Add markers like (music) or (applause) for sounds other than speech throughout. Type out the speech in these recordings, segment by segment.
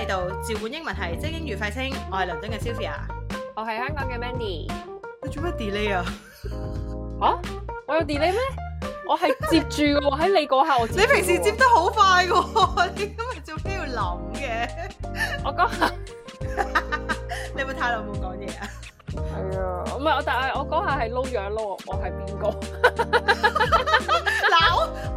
嚟到，召喚英文係即係英語快稱，我係倫敦嘅 Sylvia，我係香港嘅 Mandy。你做咩 delay 啊？嚇？我有 delay 咩？我係接住喎，喺你嗰下我接。你平時接得好快㗎喎，你今日做咩要諗嘅？我嗰下，你咪太耐冇講嘢啊？係啊，唔係我，但係我嗰下係撈樣囉，我係邊個？撈！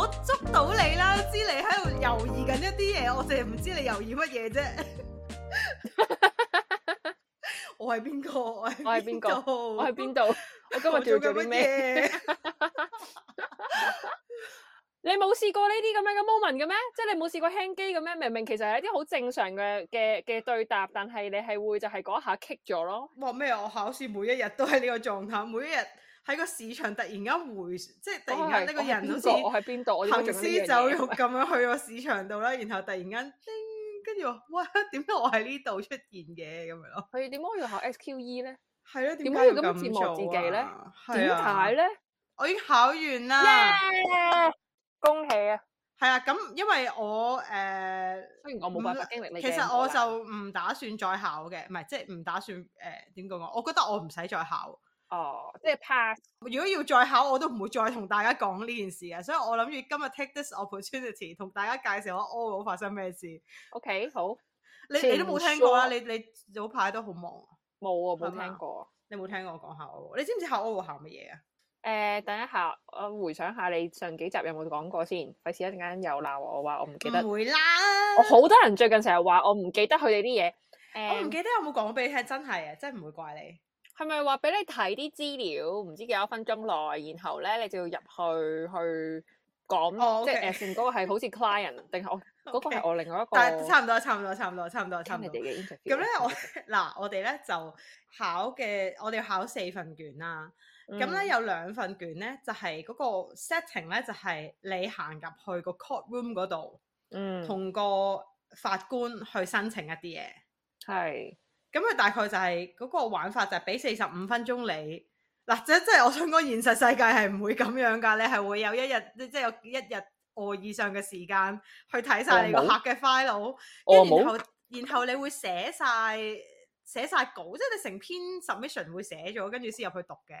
我捉到你啦，知你喺度猶豫緊一啲嘢，我淨係唔知你猶豫乜嘢啫。我係邊個？我係邊個？我係邊度？我今日要做啲咩？你冇試過呢啲咁樣嘅 moment 嘅咩？即係你冇試過 hang 機嘅咩？明明其實係一啲好正常嘅嘅嘅對答，但係你係會就係嗰下 kick 咗咯。哇！咩？我考試每一日都係呢個狀態，每一日。喺個市場突然間回，即係突然間呢個人好似行屍走肉咁樣去個市場度啦， (laughs) 然後突然間叮，跟住話哇，點解我喺呢度出現嘅咁、e、樣咯？佢點解我要考 SQE 咧？係咯，點解要咁折磨自己咧？點解咧？我已經考完啦，yeah! 恭喜啊！係啊，咁因為我誒，呃、雖然我冇辦法經歷你，其實我就唔打算再考嘅，唔係即係唔打算誒點講？我、呃、我覺得我唔使再考。哦，即係 pass。如果要再考，我都唔會再同大家講呢件事啊。所以我諗住今日 take this opportunity 同大家介紹下 oral 發生咩事。OK，好，你說你都冇聽過啦。你你早排都好忙啊，冇啊，冇聽過。你冇聽過講下 O 你知唔知下 oral 考乜嘢啊？誒、呃，等一下，我回想下你上幾集有冇講過先。費事一陣間又鬧我，我話我唔記得。會啦，我好多人最近成日話我唔記得佢哋啲嘢。嗯、我唔記得有冇講過俾你聽，真係啊，真唔會怪你。係咪話俾你睇啲資料，唔知幾多分鐘內，然後咧你就要入去去講，oh, okay. 即係誒，算嗰 Okay. 個係好似 client，定係我嗰個係我另外一個。但係差唔多，差唔多，差唔多，差唔多，差唔多。咁你哋嘅 interview 咧，我嗱我哋咧就考嘅，我哋要考四份卷啦。咁咧、嗯、有兩份卷咧，就係、是、嗰個 setting 咧，就係、是、你行入去個 court room 嗰度，嗯，同個法官去申請一啲嘢，係。咁啊，大概就係嗰個玩法就係俾四十五分鐘你，嗱，即即係我想講現實世界係唔會咁樣噶，你係會有一日，即係有一日外以上嘅時間去睇晒你個客嘅 file，跟然後然後你會寫晒寫晒稿，即係你成篇 submission 會寫咗，跟住先入去讀嘅，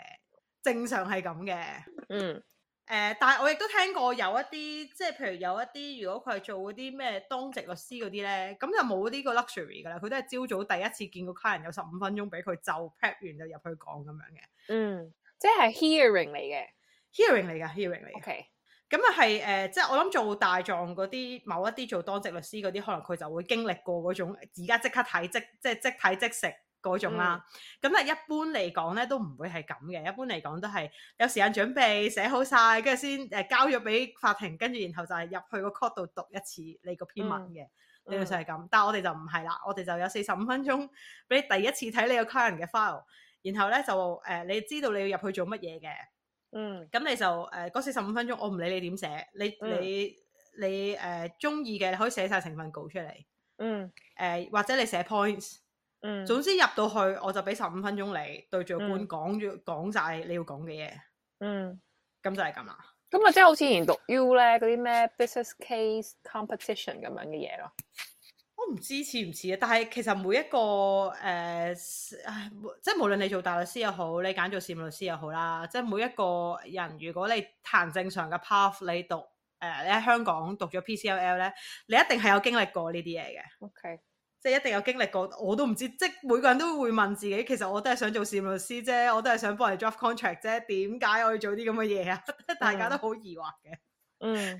正常係咁嘅，嗯。誒、呃，但係我亦都聽過有一啲，即係譬如有一啲，如果佢係做嗰啲咩當值律師嗰啲咧，咁就冇呢個 luxury 㗎啦。佢都係朝早第一次見個 client 有十五分鐘俾佢就 pack 完就入去講咁樣嘅。嗯，即係 hearing 嚟嘅，hearing 嚟嘅 hearing 嚟嘅。OK，咁啊係誒，即係我諗做大狀嗰啲，某一啲做當值律師嗰啲，可能佢就會經歷過嗰種而家即刻睇即，即即睇即，即，即食。嗰種啦，咁咧、嗯、一般嚟講咧都唔會係咁嘅，一般嚟講都係有時間準備寫好晒，跟住先誒交咗俾法庭，跟住然後就係入去個 court 度讀一次你個篇文嘅，你、嗯、就係咁。嗯、但係我哋就唔係啦，我哋就有四十五分鐘俾你第一次睇你個 client 嘅 file，然後咧就誒、呃、你知道你要入去做乜嘢嘅，嗯，咁你就誒嗰四十五分鐘我唔理你點寫，你、嗯、你你誒中意嘅可以寫晒成份稿出嚟，嗯，誒、呃、或者你寫 points。嗯，總之入到去，我就俾十五分鐘你對住個官講住講晒你要講嘅嘢。嗯，咁就係咁啦。咁啊，即係好似而家讀 U 咧，嗰啲咩 business case competition 咁樣嘅嘢咯。我唔知似唔似啊，但係其實每一個誒，即、呃、係無論你做大律師又好，你揀做事務律師又好啦，即係每一個人，如果你行正常嘅 path，你讀誒喺、呃、香港讀咗 PCLL 咧，你一定係有經歷過呢啲嘢嘅。OK。即一定有經歷過，我都唔知。即每個人都會問自己，其實我都係想做事務律師啫，我都係想幫人 draft contract 啫。點解我要做啲咁嘅嘢啊？ (laughs) 大家都好疑惑嘅。嗯。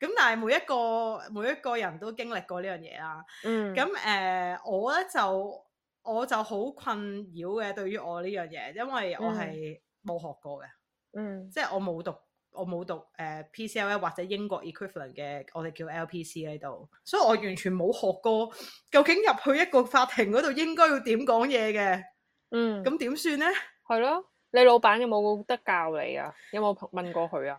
咁但係每一個每一個人都經歷過呢樣嘢啦。嗯、mm.。咁誒我咧就我就好困擾嘅，對於我呢樣嘢，因為我係冇學過嘅。嗯。Mm. Mm. 即係我冇讀。我冇讀誒、呃、PCLL 或者英國 equivalent 嘅，我哋叫 LPC 喺度，所以我完全冇學過究竟入去一個法庭嗰度應該要點講嘢嘅。嗯，咁點算呢？係咯，你老闆有冇得教你啊？有冇問過佢啊，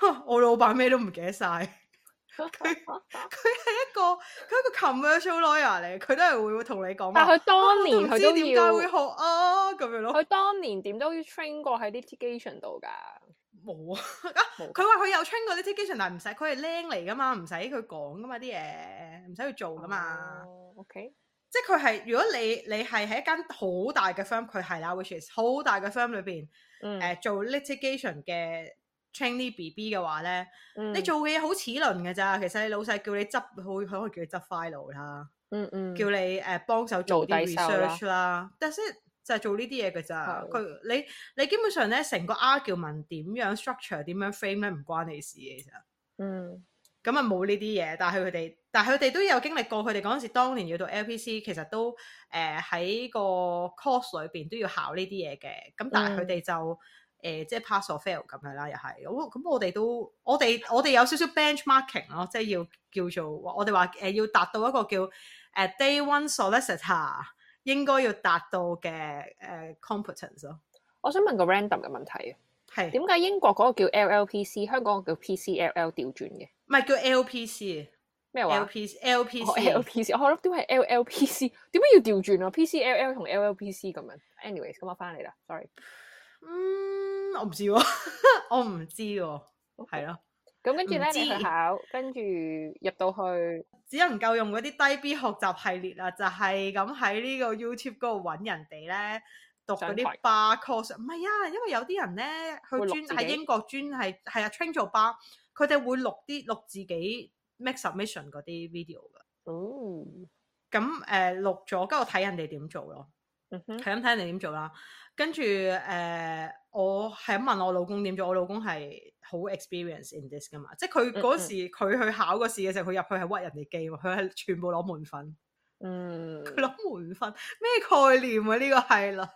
嗯？我老闆咩都唔記得晒，佢佢係一個佢係一個 commercial lawyer 嚟，佢都係會同你講。但佢當年佢點解會學啊？咁樣咯，佢當年點都要 train 過喺 litigation 度噶。冇沒 (laughs) 啊！佢話佢有 train 過 litigation，但係唔使佢係僆嚟噶嘛，唔使佢講噶嘛啲嘢，唔使佢做噶嘛。哦、o、okay. K，即係佢係如果你你係喺一間好大嘅 firm，佢係啦，which is 好大嘅 firm 裏邊誒做 litigation 嘅 trainee B B 嘅話咧，嗯、你做嘅嘢好齒輪嘅咋，其實你老細叫你執佢可能叫你執 file 啦，嗯嗯，嗯叫你誒幫手做啲 research 啦 t h 就係做呢啲嘢嘅咋，佢 (music) 你你基本上咧，成個 argument 點樣 structure 點樣 frame 咧，唔關你事嘅其實。嗯。咁啊冇呢啲嘢，但係佢哋，但係佢哋都有經歷過，佢哋嗰陣時當年要讀 LPC，其實都誒喺、呃、個 course 裏邊都要考呢啲嘢嘅。咁但係佢哋就誒、呃、即係 pass or fail 咁樣啦，又係。咁、嗯、我哋都，我哋我哋有少少 benchmarking 咯、哦，即、就、係、是、要叫做我哋話誒要達到一個叫誒 day one solicitor。應該要達到嘅誒 competence 咯。我想問個 random 嘅問題啊，係點解英國嗰個叫 LLPC，香港嗰個叫 PCLL 調轉嘅？唔係叫 LPC 咩話？LPC、LPC、LPC，我覺得都係 LLPC。點解要調轉啊？PCLL 同 LLPC 咁樣。Anyways，咁我翻嚟啦，sorry。嗯，我唔知喎，我唔知喎，係咯。咁跟住咧嚟考，跟住入到去，只能夠用嗰啲低 B 學習系列啦，就係咁喺呢個 YouTube 嗰度揾人哋咧讀嗰啲 bar course。唔係啊，因為有啲人咧去專喺英國專係係啊 train 做 bar，佢哋會錄啲錄自己 make submission 嗰啲 video 㗎。哦，咁誒錄咗，跟住睇人哋點做咯。嗯哼，係咁睇人哋點做啦。跟住誒、呃，我係問我老公點做，我老公係好 experience in this 㗎嘛？即係佢嗰時佢、嗯嗯、去考個試嘅時候，佢入去係屈人哋機喎，佢係全部攞滿分。嗯，佢攞滿分咩概念啊？呢、這個係啦，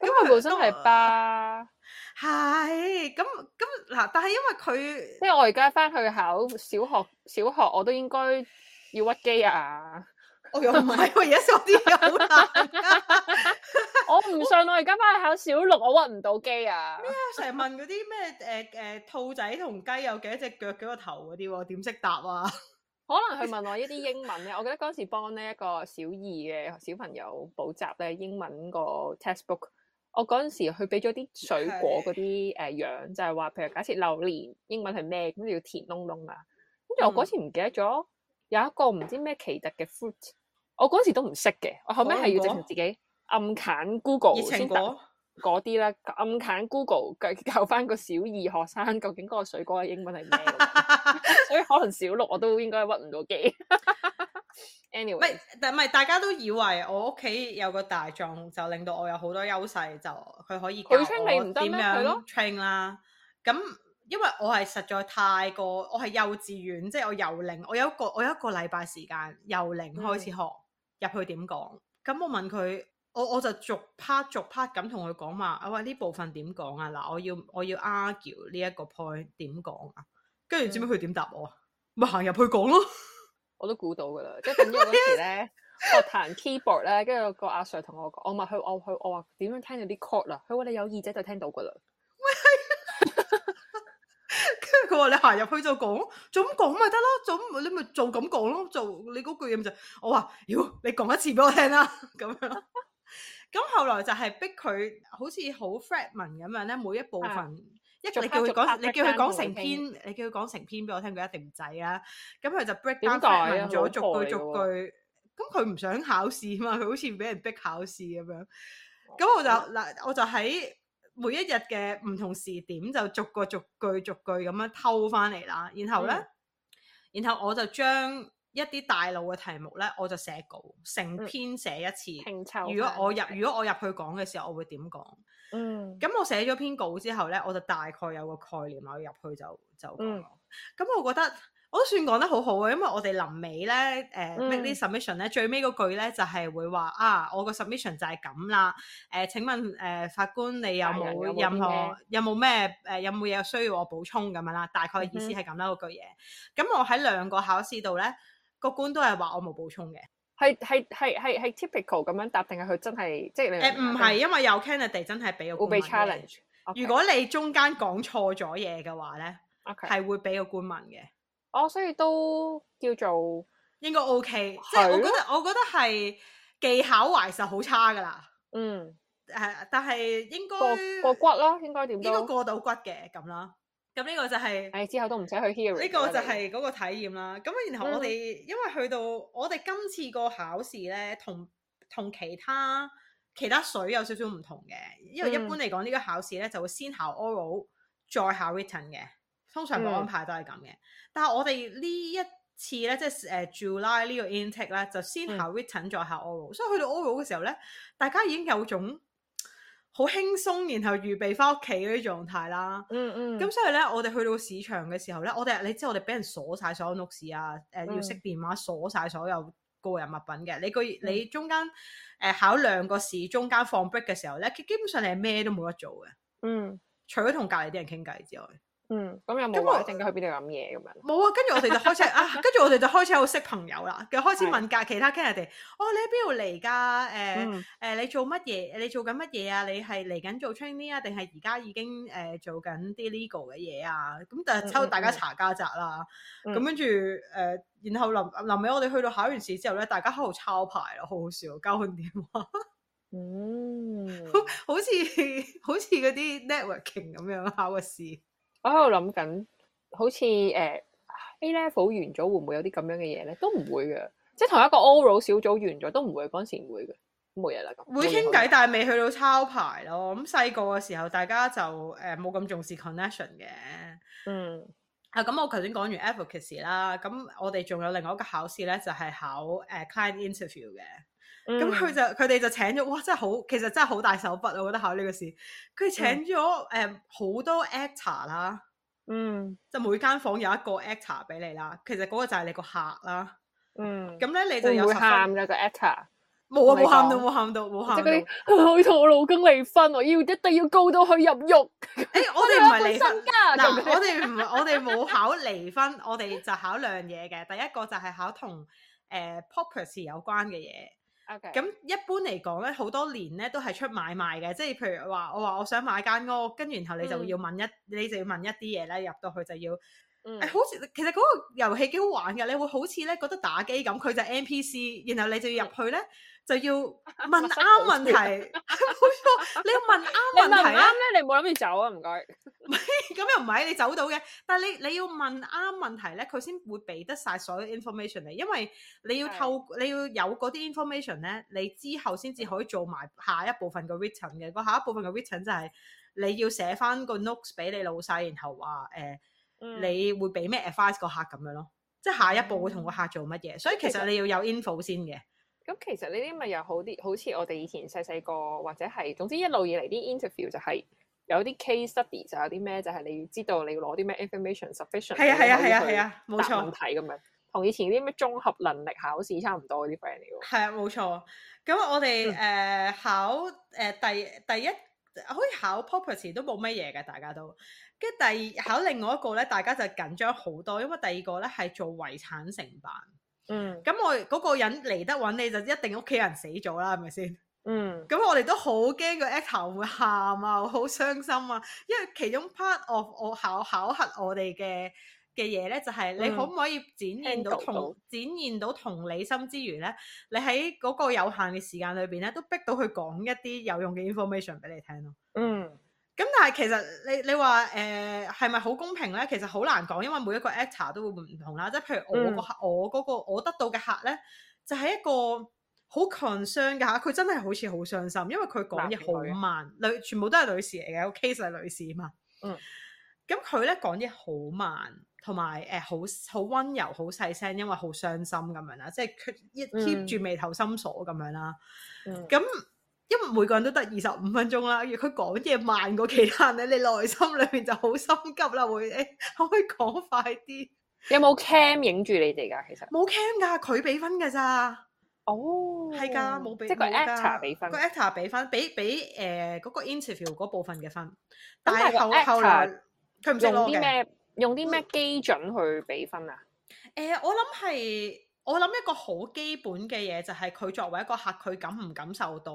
咁、 (laughs) 嗯、因為本身係班係咁咁嗱，但係因為佢，即係我而家返去考小學，小學我都應該要屈機啊。我又唔係喎，而家小啲啊！我唔信，我而家翻去考小六，我屈唔到機啊！咩啊？成日問嗰啲咩誒誒兔仔同雞有幾多隻腳幾個頭嗰啲喎？點識答啊？可能佢問我依啲英文咧。我記得嗰陣時幫咧一個小二嘅小朋友補習咧英文個 textbook，我嗰陣時佢俾咗啲水果嗰啲誒樣，就係話譬如假設榴蓮英文係咩，咁就要填窿窿啊。跟住我嗰時唔記得咗，有一個唔知咩奇特嘅 fruit。我嗰時都唔識嘅，我後尾係要直情自己暗啃 Google 先得嗰啲啦，暗啃 Google Go 教教返個小二學生究竟嗰個水果嘅英文係咩， (laughs) (laughs) 所以可能小六我都應該屈唔到幾。 (laughs) Anyway，但唔係大家都以為我屋企有個大將就令到我有好多優勢，就佢可以教我點樣 train 啦。咁咯因為我係實在太過，我係幼稚園，即係我由零，我有一個我有一個禮拜時間由零開始學。入去點講？咁我問佢，我我就逐 part 逐 part 咁同佢講嘛。我話呢部分點講啊？嗱，我要我要 argue 呢一個 point 點講啊？跟住知唔知佢點答我？咪行入去講咯。我都估到噶啦，即係咁樣嗰時咧，我彈 keyboard 咧，跟住個阿 sir 同我講，我問佢，我佢我話點樣聽到啲 chord 啊？佢話你有耳仔就聽到噶啦。 (laughs) 佢話你行入去就講，就咁講咪得咯，就你咪做咁講咯，做你嗰句嘢就，我話，妖，你講一次俾我聽啦，咁樣。咁後來就係逼佢，好似好 fragment 咁樣咧，每一部分，一你叫佢講，你叫佢講成篇，你叫佢講成篇俾我聽，佢一定唔制啊。咁佢就 break down 咗，逐句逐句。咁佢唔想考試嘛，佢好似俾人逼考試咁樣。咁我就嗱，我就喺。每一日嘅唔同時點，就逐個逐句逐句咁樣偷翻嚟啦。然後呢，嗯、然後我就將一啲大佬嘅題目呢，我就寫稿，成篇寫一次。嗯、如果我入，如果我入去講嘅時候，我會點講？嗯。咁我寫咗篇稿之後呢，我就大概有個概念，我要入去就就講。咁、嗯、我覺得。我都算講得好好嘅，因為我哋臨尾咧，誒、呃嗯、make submission，呢 submission 咧，最尾嗰句咧就係、是、會話啊，我個 submission 就係咁啦。誒、呃，請問誒、呃、法官，你有冇任何有冇咩誒有冇嘢需要我補充咁樣啦？大概意思係咁啦，嗰句嘢。咁我喺兩個考試度咧，個官都係話我冇補充嘅。係係係係係 typical 咁樣答，定係佢真係即係你？誒唔係，因為有 candidate 真係俾個官問嘅。如果你中間講錯咗嘢嘅話咧，係 okay，會俾個官問嘅。我、哦、所以都叫做應該 OK，即係我覺得我覺得係技巧懷實好差噶啦，嗯，誒，但係應該過骨咯，應該點都應過到骨嘅咁啦，咁呢個就係、是、誒、哎、之後都唔使去 hearing，呢個就係嗰個體驗啦。咁你然後我哋因為去到我哋今次個考試咧，同同其他其他水有少少唔同嘅，因為一般嚟講呢個考試咧就會先考 oral 再考 written 嘅。通常個安排都係咁嘅，嗯、但係我哋呢一次咧，即係誒 July 呢個 intake 咧，就先考 written 再考 oral，所以去到 oral 嘅時候咧，大家已經有種好輕鬆，然後預備翻屋企嗰啲狀態啦。嗯嗯，咁、嗯嗯、所以咧，我哋去到試場嘅時候咧，我哋你知我哋俾人鎖晒所有屋事啊，誒、呃、要熄電話鎖晒所有個人物品嘅。你個你中間誒考兩個試中間放 break 嘅時候咧，基本上你係咩都冇得做嘅。嗯，除咗同隔離啲人傾偈之外。嗯，咁有冇話一陣間去邊度飲嘢咁樣？冇啊，跟住我哋就開始 (laughs) 啊，跟住我哋就開始好識朋友啦，佢開始問隔其他 Canada 哦，你喺邊度嚟㗎？誒、呃、誒、嗯呃，你做乜嘢？你做緊乜嘢啊？你係嚟緊做 training 啊，定係而家已經誒做緊啲 legal 嘅嘢啊？咁就抽大家查家宅啦。咁跟住誒，然後臨臨尾，我哋去到考完試之後咧，大家喺度抄牌咯，好好笑，哦，交換電話。 (laughs) 嗯， (laughs) 好似好似嗰啲 networking 咁樣考個試。我喺度諗緊，好似誒 (noise) A level 完咗會唔會有啲咁樣嘅嘢咧？都唔會嘅，即係同一個 oral 小組，組完咗都唔會嗰陣時唔會嘅，冇嘢啦。會傾偈，但係未去到抄牌咯。咁細個嘅時候，大家就誒冇咁重視 connection 嘅。嗯，啊咁我頭先講完 advocacy 啦，咁我哋仲有另外一個考試咧，就係、是、考誒、呃、client interview 嘅。咁佢就佢哋就請咗，哇！真係好，其實真係好大手筆啊！我覺得考呢個試，佢請咗誒好多 actor 啦，嗯，就每間房有一個 actor 俾你啦。其實嗰個就係你個客啦，嗯。咁咧，你就有喊噶、那個 actor，冇啊，冇喊到，冇喊到，冇喊到。欸、我要同 (laughs) 我老公離婚，我要一定要告到佢入獄。誒，我哋唔係離婚噶，嗱，我哋唔係，我哋冇考離婚，我哋就考兩嘢嘅。第一個就係考同誒 purpose 有關嘅嘢。咁 Okay. 一般嚟講咧，好多年咧都係出買賣嘅，即係譬如話，我話我想買間屋，跟住然後你就會要問一，你就要問一啲嘢咧，入到去就要。係、嗯、好似其實嗰個遊戲幾好玩嘅，你會好似咧覺得打機咁，佢就係 NPC，然後你就要入去咧，嗯、就要問啱 (laughs) 問題，係冇 (laughs) (laughs) 你要問啱問題咧、啊，你唔好諗住走啊，唔該，咁 (laughs) (laughs) (laughs) 又唔係，你走到嘅，但係你你要問啱問題咧，佢先會俾得晒所有 information 嚟。因為你要透，的你要有嗰啲 information 咧，你之後先至可以做埋下一部分嘅 written 嘅，個下一部分嘅 written, written 就係、是、你要寫翻個 notes 俾你老細，然後話誒。呃你會俾咩 advise 個客咁樣咯？即係下一步會同個客做乜嘢？嗯、所以其實，其實你要有 info 先嘅。咁其實呢啲咪又好啲，好似我哋以前細細個或者係總之一路以嚟啲 interview 就係、是、有啲 case study 就有啲咩就係你知道你要攞啲咩 information sufficient。係啊係啊係啊係啊，冇錯。答問題咁樣，同、啊啊啊、以前啲咩綜合能力考試差唔多啲 friend 嚟㗎。係啊，冇錯。咁我哋誒、嗯呃、考誒、呃、第第一，可以考 property 都冇乜嘢㗎，大家都。跟住第二考另外一個咧，大家就緊張好多，因為第二個咧係做遺產承辦。嗯，咁我嗰、那個人嚟得揾你就一定屋企人死咗啦，係咪先？嗯，咁我哋都好驚個 Act 頭會喊啊，好傷心啊。因為其中 part of 我考我考核我哋嘅嘅嘢咧，就係、是、你可唔可以展現到同、嗯、到同展現到同理心之餘咧，你喺嗰個有限嘅時間裏邊咧，都逼到佢講一啲有用嘅 information 俾你聽咯。嗯。咁但係其實你你話誒係咪好公平咧？其實好難講，因為每一個 actor 都會唔同啦。即係譬如我個客，嗯、我嗰、嗰個我得到嘅客咧，就係、是、一個好 concern 嘅嚇，佢真係好似好傷心，因為佢講嘢好慢，女全部都係女士嚟嘅，個 case 係女士嘛。嗯。咁佢咧講嘢好慢，同埋誒好好溫柔、好細聲，因為好傷心咁樣啦，即係佢一 e keep 住眉頭深鎖咁樣啦。咁。嗯嗯因為每個人都得二十五分鐘啦，如果佢講嘢慢過其他人咧，你內心裏面就好心急啦。會，欸，可唔可以講快啲？有冇 cam 影住你哋㗎？其實冇 cam 㗎，佢俾分㗎咋。哦，係㗎，冇俾。即係個 actor 俾分，個 actor 俾分，俾俾誒嗰個 interview 嗰部分嘅分。但係後後來佢唔用啲咩？用啲咩基準去俾分啊？誒、嗯呃，我諗係我諗一個好基本嘅嘢，就係、是、佢作為一個客，佢感唔感受到？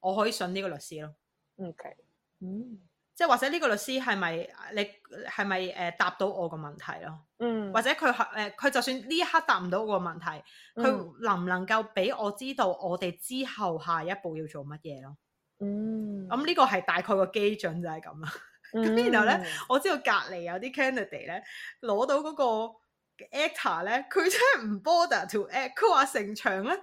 我可以信呢個律師咯。OK，嗯、mm，hmm. 即係或者呢個律師係咪你係咪誒答到我個問題咯？嗯、mm，hmm. 或者佢誒佢就算呢一刻答唔到我個問題，佢能唔能夠俾我知道我哋之後下一步要做乜嘢咯？嗯、mm，咁、hmm. 呢個係大概個基準就係咁啦。咁 (laughs) 然後咧，mm hmm. 我知道隔離有啲 candidate 咧攞到嗰個 actor 咧，佢真係唔 border to act，佢話成場咧，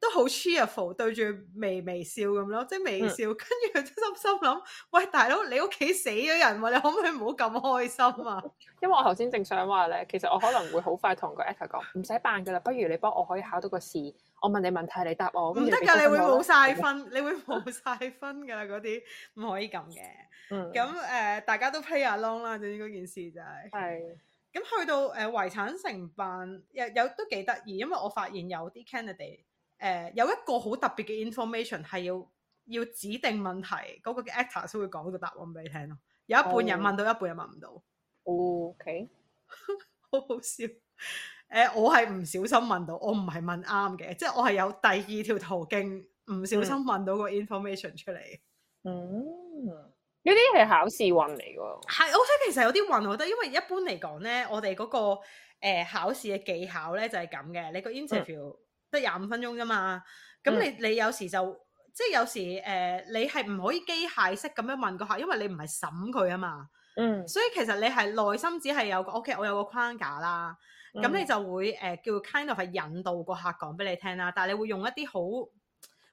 都好 cheerful，對住微微笑咁咯，即係微笑。嗯、跟住佢真心心諗，喂，大佬，你屋企死咗人喎，你可唔可以唔好咁開心啊？ (laughs) 因為我頭先正想話咧，其實我可能會好快同個 actor 講，唔使扮噶啦，不如你幫我可以考到個試。我問你問題，你答我。唔得㗎，你會冇晒分， (laughs) 你會冇晒分㗎啦。嗰啲唔可以咁嘅。嗯。咁誒、呃，大家都 play along 啦，就係嗰件事就係、是。係是。咁去到誒遺產承辦又有都幾得意，因為我發現有啲 candidate 誒、呃、有一個好特別嘅 information 係要要指定問題嗰、那個嘅 actor 先會講到答案俾你聽咯，有一半人問到，oh. 一半人問唔到。O K，好好笑、呃。誒，我係唔小心問到，我唔係問啱嘅，即係我係有第二條途徑，唔小心問到個 information、mm. 出嚟。嗯，呢啲係考試運嚟㗎。係，我覺得其實有啲運，我覺得，因為一般嚟講咧，我哋嗰、那個、呃、考試嘅技巧咧就係咁嘅，你個 interview。Mm. 得廿五分鐘啫嘛，咁你你有時就即係有時誒、呃，你係唔可以機械式咁樣問個客，因為你唔係審佢啊嘛。嗯。所以其實你係內心只係有個 OK，我有個框架啦。咁你就會誒、呃、叫 kind of 去引導個客講俾你聽啦。但係你會用一啲好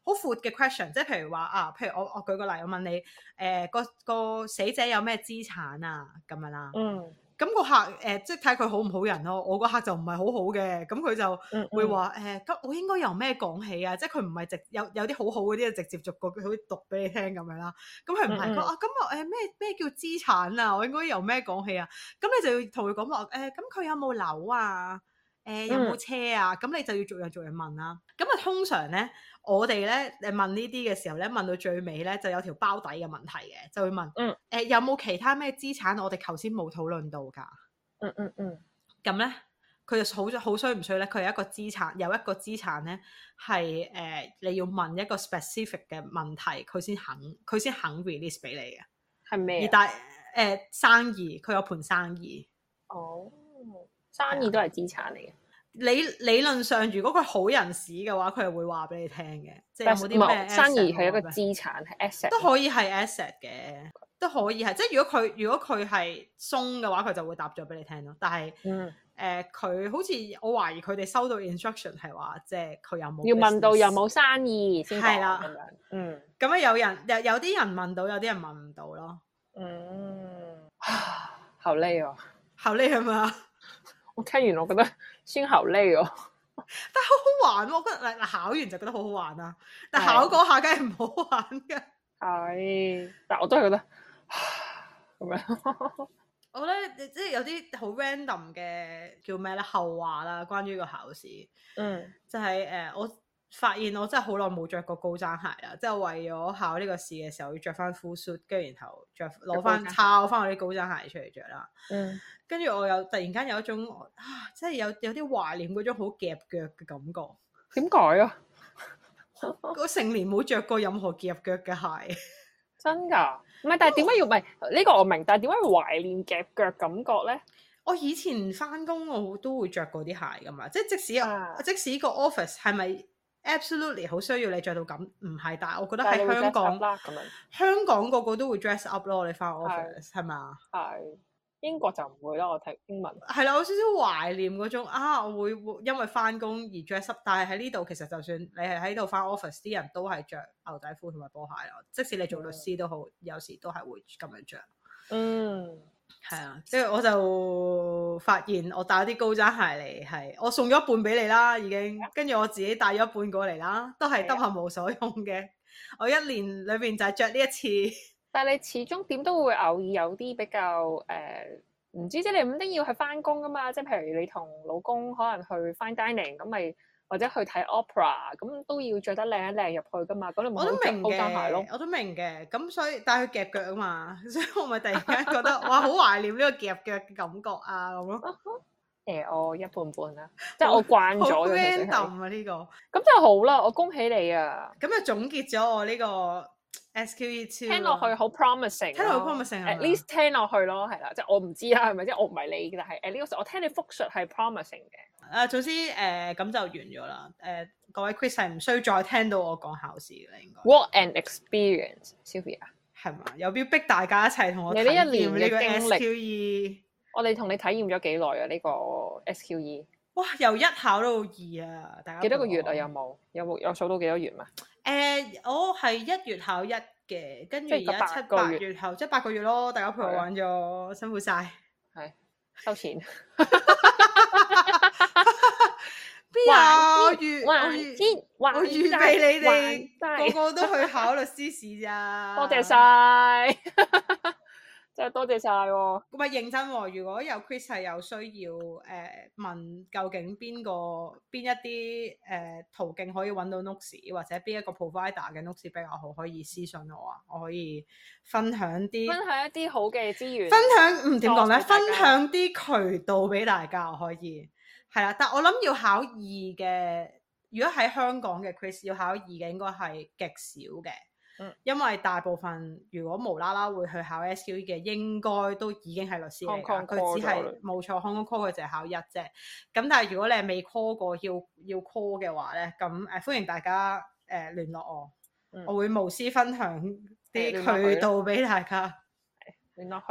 好闊嘅 question，即係譬如話啊，譬如我我舉個例，我問你誒、呃、個個死者有咩資產啊咁樣啦。嗯。咁、嗯嗯嗯、個客誒、呃，即係睇佢好唔好人咯。我個客就唔係好好嘅，咁佢就會話誒，咁、嗯嗯欸、我應該由咩講起啊？即係佢唔係直有有啲好好嗰啲，直接逐個好似讀俾你聽咁樣啦。咁佢唔係？嗯嗯嗯啊，咁啊誒咩咩叫資產啊？我應該由咩講起啊？咁你就要同佢講話誒，咁佢有冇樓啊？誒有冇車啊？咁你就要逐樣逐樣問啊。咁啊，通常咧。我哋咧誒問呢啲嘅時候咧，問到最尾咧，就有條包底嘅問題嘅，就會問：嗯誒、欸，有冇其他咩資產？我哋頭先冇討論到噶。嗯嗯嗯。咁咧，佢就好好衰唔衰咧？佢有一個資產，有一個資產咧係誒，你要問一個 specific 嘅問題，佢先肯，佢先肯 release 俾你嘅。係咩？而但誒、呃、生意，佢有盤生意。哦，生意都係資產嚟嘅。理理論上，如果佢好人使嘅話，佢係會話俾你聽嘅，即係有冇啲咩生意係一個資產，係 asset 都可以係 asset 嘅，都可以係即係如果佢如果佢係鬆嘅話，佢就會答咗俾你聽咯。但係誒，佢好似我懷疑佢哋收到 instruction 係話，即係佢有冇要問到有冇生意先講咁樣。嗯，咁啊，有人有有啲人問到，有啲人問唔到咯。嗯，好叻哦，好叻係嘛？我聽完我覺得，先好累哦， (laughs) 但係好好玩，哦，我覺得嗱嗱考完就覺得好好玩啊，但係考嗰下梗係唔好玩嘅，係的， (laughs) 但係我都係覺得咁樣， (laughs) 我覺得即係有啲好 random 嘅叫咩咧後話啦，關於呢個考試，嗯，就係、是、誒、呃、我。發現我真係好耐冇着過高踭鞋啦，即係為咗考呢個試嘅時候要着翻 full suit，跟住然後着攞翻抄翻我啲高踭鞋出嚟着啦。嗯，跟住我又突然間有一種啊，即係有有啲懷念嗰種好夾腳嘅感覺。點解啊？ (laughs) 我成年冇着過任何夾腳嘅鞋，真㗎？唔係，但係點解要唔係？哦、呢個我明，但係點解要懷念夾腳感覺咧？我以前翻工我都會着過啲鞋㗎嘛，即係即使即使個 office 係咪？Absolutely 好需要你着到咁，唔係，但係我覺得喺你香港咁樣香港個個都會 dress up 咯。你翻 office 係咪？係是吧英國就唔會咯。我睇英文係啦，我少少懷念嗰種啊！我會因為翻工而 dress up，但係喺呢度其實就算你係喺度翻 office，啲人都係着牛仔褲同埋波鞋咯。即使你做律師都好，的有時都係會咁樣着。嗯。係啊，即係我就發現我帶啲高踭鞋嚟，係我送咗一半俾你啦，已經，跟住我自己帶咗一半過嚟啦，都係得閒冇所用嘅，的我一年裏邊就係着呢一次。但係你始終點都會偶爾有啲比較誒，唔知即係你唔一定要去翻工噶嘛？即係譬如你同老公可能去翻 dining，咁咪。或者去睇 opera 咁都要着得靚一靚入去噶嘛，咁你冇增高鞋咯？我都明嘅，咁所以帶佢夾腳啊嘛，所以我咪突然間覺得 (laughs) 哇，好懷念呢個夾腳嘅感覺啊咁咯。誒 (laughs) (laughs) 、欸，我一半半啦，即係我慣咗 random 啊呢、這個，咁就係好啦，我恭喜你啊！咁啊總結咗我呢、這個。S.Q.E. Two 聽落去好 promising，聽落好 promising，at least 聽落去咯，係啦，即係我唔知啦，係咪先？我唔係你，但係 at least 我聽你復述係 promising 嘅。啊，總之誒咁、呃、就完咗啦。誒、呃、各位 Chris 唔需再聽到我講考試啦，應該。What an experience，Sylvia 係嘛？有冇要逼大家一齊同我體驗呢個 S.Q.E.？我哋同你體驗咗幾耐啊？呢、呢個 S.Q.E. 哇，由一考到二啊！大家幾多個月啊？有冇有冇有，有，有，有數到幾多月嘛、啊？誒、欸，我係一月考一嘅，跟住而家七,八，個月七八月後即係八個月咯。大家陪我玩咗，的辛苦晒，係的收錢。邊啊？我預天我預我預備你哋天個個都去考律師試咋？多 (laughs) 謝晒謝。 (laughs) 真係多謝晒喎、啊，唔係認真喎、哦。如果有 Chris 係有需要，誒、呃、問究竟邊個邊一啲誒、呃、途徑可以揾到 n u r s 或者邊一個 provider 嘅 n u r s 比較好，可以私信我啊，我可以分享啲，分享一啲好嘅資源，分享唔點講咧？呃、呢分享啲渠道俾大家，可以係啦。但我諗要考二嘅，如果喺香港嘅 Chris 要考二嘅，應該係極少嘅。因為大部分如果無啦啦會去考 SQE 嘅，應該都已經係律師嚟㗎。佢只係冇錯 Hong Kong call 佢淨係考一啫。咁、嗯、但係如果你係未 call 過，要要 call 嘅話咧，咁誒、呃、歡迎大家誒聯、呃、絡我，嗯、我會無私分享啲渠道俾大家。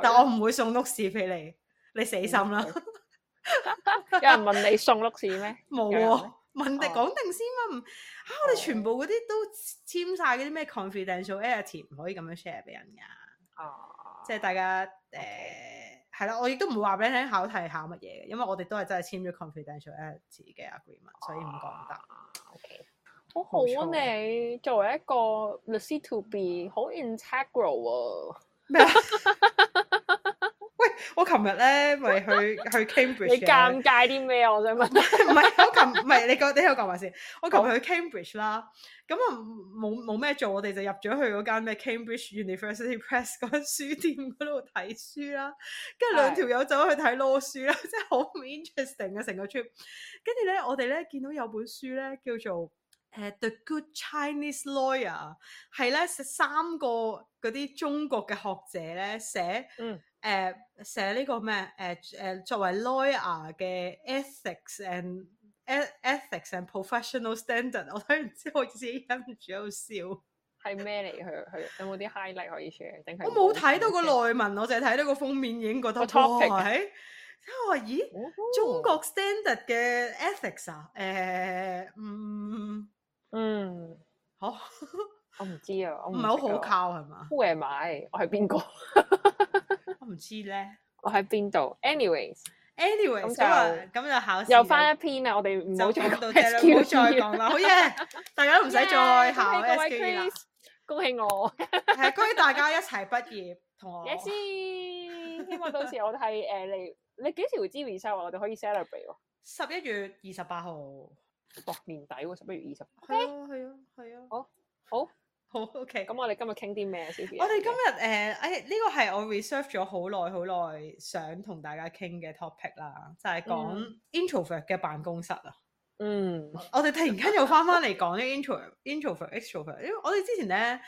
但我唔會送碌屎俾你，你死心啦！上 (laughs) (laughs) 有人問你送碌屎咩？冇 (laughs) 啊！ (laughs) 問定講定先嘛、啊？嚇、oh. 啊！我哋全部嗰啲都簽晒嗰啲咩 confidentiality 唔可以咁樣 share 俾人噶。哦，oh. 即係大家誒係啦，我亦都唔會話俾你聽考題考乜嘢嘅，因為我哋都係真係簽咗 confidentiality 嘅 agreement，oh. 所以唔講得。OK，哦、好好錯你作為一個律師 to be 好 integral 啊。 (laughs) (laughs) (laughs) 我琴日咧，咪去去 Cambridge。你尷尬啲咩？我想問。唔 (laughs) 係，我琴唔係你講，你又講埋先。我琴日去 Cambridge 啦好，咁啊冇冇咩做，我哋就入咗去嗰間咩 Cambridge University Press 嗰間書店嗰度睇書啦。跟住兩條友走去睇 law 書啦，真係好 interesting 啊！成個 trip。跟住咧，我哋咧見到有本書咧叫做《誒 The Good Chinese Lawyer》啊，係咧三個嗰啲中國嘅學者咧寫。嗯。誒，寫呢個咩？誒誒，作為 lawyer 嘅 ethics and ethics and professional standard，我都唔知，我自己忍唔住喺度笑，係咩嚟？佢佢有冇啲 highlight 可以寫？我冇睇到個內文，我淨係睇到個封面已經覺得 topic！喺，我話咦，中國 standard 嘅 ethics 啊？誒，嗯嗯，好，我唔知啊，唔係好可靠係嘛？Who am I？我係邊個？我唔知咧，我喺邊度？Anyways，anyways 咁就咁就考，又翻一篇啦。我哋唔好再講，唔好再講啦，好嘢！大家都唔使再考 S Q U 啦，恭喜我，係恭喜大家一齊畢業同我。Yes，希望到時我哋係誒，你你幾時會知 research？我哋可以 celebrate。十一月二十八號，年底喎，十一月二十。係啊，係啊，係啊。好，好。好 OK，咁我哋今日傾啲咩先？我哋今日誒，誒、呃、呢、哎這個係我 reserve 咗好耐，好耐想同大家傾嘅 topic 啦，就係、是、講 introvert 嘅辦公室啊。嗯， (laughs) 我哋突然間又翻翻嚟講啲 int (laughs) introvert、introvert、extrovert，因為我哋之前咧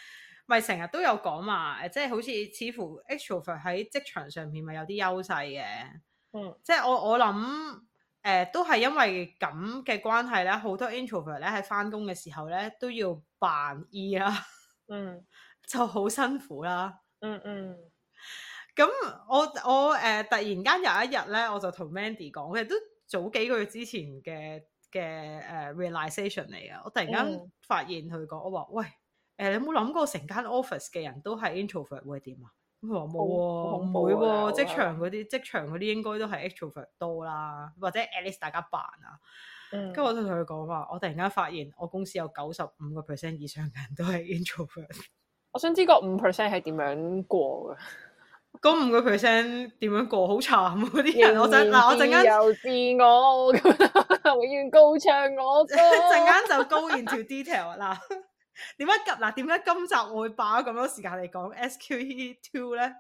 咪成日都有講嘛，即、就、係、是、好似似乎 extrovert 喺職場上面咪有啲優勢嘅。嗯，即係我我諗誒、呃、都係因為咁嘅關係咧，好多 introvert 咧喺翻工嘅時候咧都要扮 E 啦。 (laughs) 嗯，mm hmm. 就好辛苦啦。嗯嗯、mm，咁、hmm. 我我誒、呃、突然間有一日咧，我就同 Mandy 講嘅，都早幾個月之前嘅嘅誒、呃、realization 嚟㗎。我突然間發現佢講、mm hmm. 呃啊，我話喂，誒你好有冇諗過成間 office 嘅人都係 introvert 會點啊？佢話冇啊，唔會喎。職場嗰啲，職場嗰啲應該都係 extrovert 多啦，或者 at least 大家扮啊。跟住、嗯、我就同佢講話，我突然間發現我公司有九十五個 percent 以上人都係 introvert，我想知個五 percent 係點樣過嘅？嗰五個 percent 點樣過？好慘嗰啲人，仍然 我想就嗱，自自我陣間自傲，永遠 (laughs) 高唱我、那個，陣間就 go into detail 嗱， (laughs) 點解咁嗱？點解今集我會霸咗咁多時間嚟講 SQE Two 咧？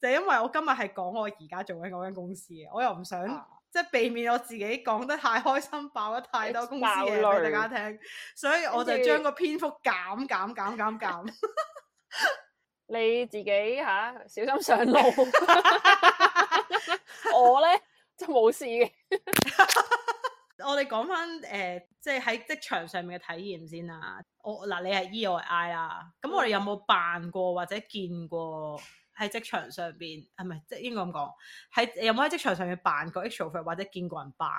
就係、因為我今日係講我而家做緊嗰間公司嘅，我又唔想。啊即係避免我自己講得太開心，爆得太多公司嘢俾大家聽，爆雷。所以我就將個篇幅減減減減減。你自己嚇小心上路，我呢，就冇事嘅。 (laughs) (laughs) 我哋講翻誒，即係喺職場上面嘅體驗先啦。我嗱、呃，你係 E 或 I, I 啊？咁我哋有冇扮過或者見過？喺職場上邊，係咪即係應該咁講，喺有冇喺職場上面扮過 introvert 或者見過人扮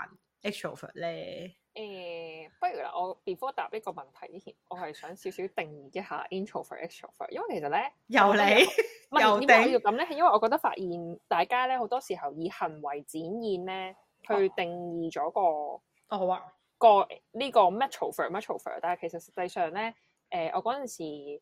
introvert 咧？誒、欸，不如啦，我 before 答呢個問題之前，我係想少少定義一下 introvert、extrovert，因為其實咧，由你理，由你 (laughs) 定要咁咧，因為我覺得發現大家咧好多時候以行為展現咧 (laughs) 去定義咗個，哦好啊，個呢、這個 metrovert、metrovert 但係其實實際上咧，誒、呃，我嗰陣時。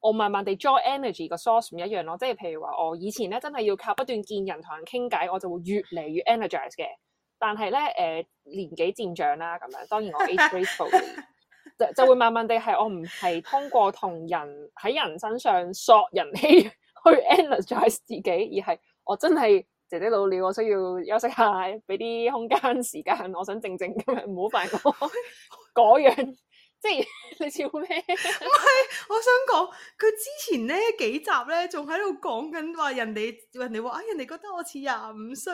我慢慢地 draw energy 個 source 唔一樣咯，即係譬如話我以前咧真係要靠不斷見人同人傾偈，我就會越嚟越 energize 嘅。但係咧，誒、呃、年紀漸長啦，咁樣當然我 age gracefully 就就會慢慢地係我唔係通過同人喺人身上索人氣 (laughs) 去 energize 自己，而係我真係姐姐老了，我需要休息下，俾啲空間時間，我想靜靜咁樣，唔好煩我嗰樣。你笑咩？唔 (laughs) 係，我想講佢之前呢幾集咧，仲喺度講緊話人哋人哋話啊，人哋、哎、覺得我似廿五歲，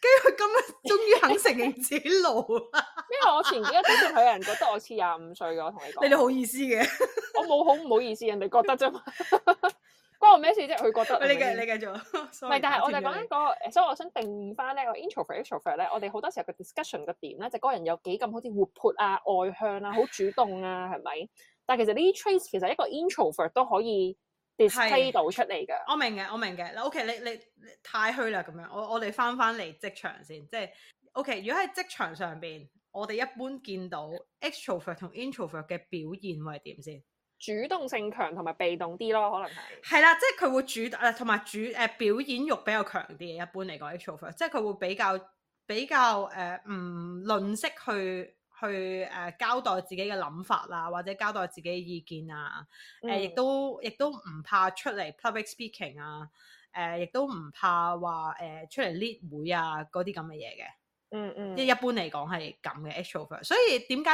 跟住佢今日終於肯承認自己老。因 (laughs) 為我前幾日始終係有人覺得我似廿五歲㗎，我同你講，你哋好意思嘅？ (laughs) 我冇好唔好意思，人哋覺得啫嘛。 (laughs) 關我咩事啫？佢覺得。我喂你繼你繼續。唔係，但係我就講一個，所以我想定義翻、那個、呢個 introvert extrovert 咧。我哋好多時候個 discussion 個點咧，就嗰、是、個人有幾咁好似活潑啊、外向啊、好主動啊，係咪？ (laughs) 但係其實呢啲 traits 其實一個 introvert 都可以 display 到出嚟嘅。我明嘅，我明嘅。嗱，OK，你你，你，你太虛啦咁樣。我我哋翻翻嚟職場先，即係 OK。如果喺職場上邊，我哋一般見到 extrovert 同 introvert 嘅表現會係點先？主動性強同埋被動啲咯，可能係係啦，即係佢會主誒同埋主誒、呃、表演欲比較強啲。嘅。一般嚟講 extrovert 即係佢會比較比較誒唔、呃嗯、吝嗇去去誒、呃、交代自己嘅諗法啦，或者交代自己嘅意見啊。誒亦、嗯呃、都亦都唔怕出嚟 public speaking 啊。誒、呃、亦都唔怕話誒、呃、出嚟 lead 會啊嗰啲咁嘅嘢嘅。嗯嗯，即係一般嚟講係咁嘅 extrovert。所以點解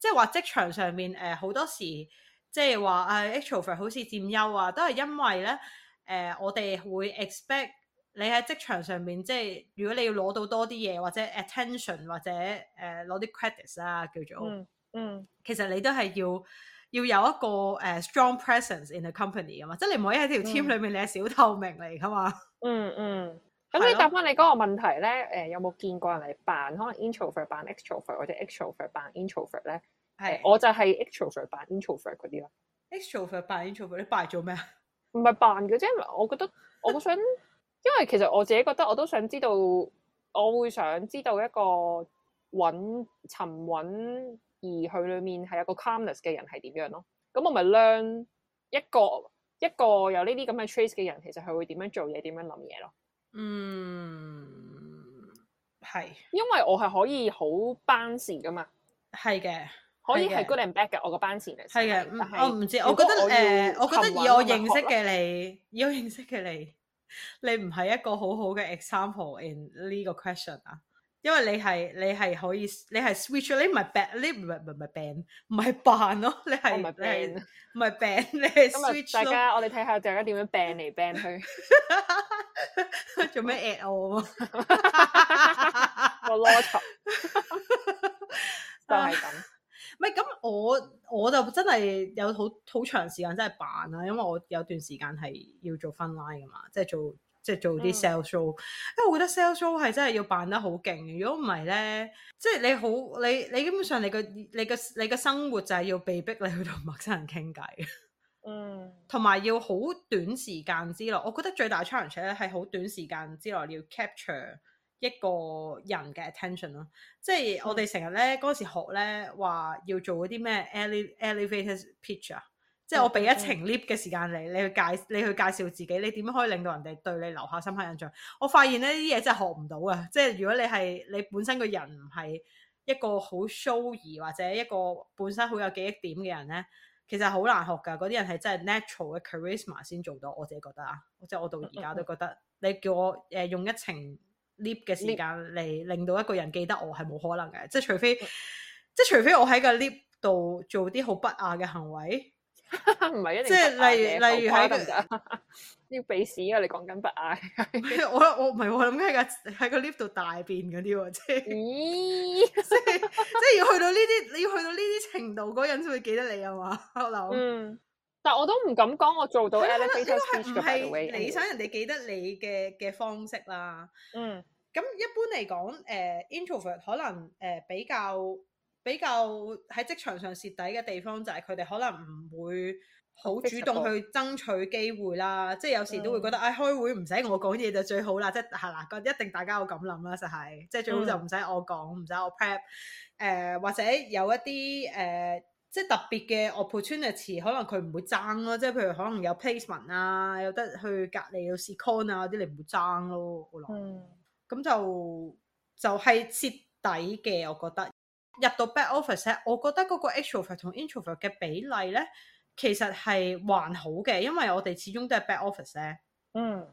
即係話職場上面誒好多時？即係話誒 introvert 好似佔優啊，都係因為咧誒、呃，我哋會 expect 你喺職場上面，即係如果你要攞到多啲嘢，或者 attention，或者誒攞、呃、啲 credits 啊，叫做嗯嗯，嗯其實你都係要要有一個誒、啊、strong presence in the company 啊嘛，即係你唔可以喺條 team 裡面、嗯、你係小透明嚟噶嘛。嗯 (laughs) 了嗯，咁、嗯、你答翻你嗰個問題咧，誒、嗯、有冇見過人嚟扮可能 introvert 扮 extrovert，或者 extrovert 扮 introvert 咧？係， (noise) 我就係 extrovert 扮 introvert 嗰啲啦。extrovert 扮 introvert，你扮做咩啊？唔係扮嘅啫，我覺得我好想，因為其實我自己覺得我都想知道，我會想知道一個揾尋揾而去裏面係有個 calmness 嘅人係點樣咯。咁我咪 learn 一個一個有呢啲咁嘅 trace 嘅人，其實佢會點樣做嘢，點樣諗嘢咯。嗯，係，因為我係可以好 balance 噶嘛。係嘅。可以係 good and bad 嘅，我個班前嚟，係嘅，我唔知，我覺得誒，我覺得以我認識嘅你，以我認識嘅你，你唔係一個好好嘅 example in 呢個 question 啊，因為你係你係可以你係 switch，你唔係 band，你唔係唔係 band，唔係 band 咯，你係唔係 band？唔係 band，你係 switch 咯，今日大家我哋睇下大家點樣 band 嚟 band 去，做咩 at 我啊？個囉嗦就係咁。唔係咁，我我就真係有好好長時間真係扮啦，因為我有段時間係要做 fun line 噶嘛，即係做即係做啲 sales show。因為我覺得 sales show 係真係要扮得好勁，如果唔係咧，即係你好你你基本上你個你個你個生活就係要被逼你去同陌生人傾偈。嗯，同埋要好短時間之內，我覺得最大 challenge 咧係好短時間之內你要 capture。一個人嘅 attention 咯，即係我哋成日咧嗰時學咧話要做嗰啲咩 elevator pitch 啊，即係我俾一程 lift 嘅時間你，你去介你去介紹自己，你點樣可以令到人哋對你留下深刻印象？我發現呢啲嘢真係學唔到啊！即係如果你係你本身個人唔係一個好 showy 或者一個本身好有記憶點嘅人咧，其實好難學㗎。嗰啲人係真係 natural 嘅 charisma 先做到。我自己覺得，啊，即係我到而家都覺得， (laughs) 你叫我誒、呃、用一程 lift 嘅時間嚟，令到一個人記得我係冇可能嘅。即係除非，即係除非我喺個 lift 度做啲好不雅嘅行為，唔係、啊 e 就是，即係例如例如喺度要俾屎啊！你講緊不雅，我我唔係，我諗喺個喺個 lift 度大便嗰啲，即係即係要去到呢啲，你要去到呢啲程度，嗰人先會記得你啊嘛。阿劉、oui。但我都唔敢講，我做到。呢個係唔係你想人哋記得你嘅嘅方式啦？嗯。咁一般嚟講，誒、呃、introvert 可能誒、呃、比較比較喺職場上蝕底嘅地方就係佢哋可能唔會好主動去爭取機會啦。嗯嗯、即係有時都會覺得啊、哎，開會唔使我講嘢就最好啦。即係係啦，一定大家有咁諗啦，就係即係最好就唔使我講，唔使、嗯、我 prep、呃。誒或者有一啲誒。呃即係特別嘅 opportunity，可能佢唔會爭咯。即係譬如可能有 placement 啊，有得去隔離有試 con 啊嗰啲，你唔會爭咯。嗯。咁就就係、是、蝕底嘅，我覺得入到 back office 咧，我覺得嗰個 extrovert 同 introvert 嘅比例咧，其實係還好嘅，因為我哋始終都係 back office 咧。嗯。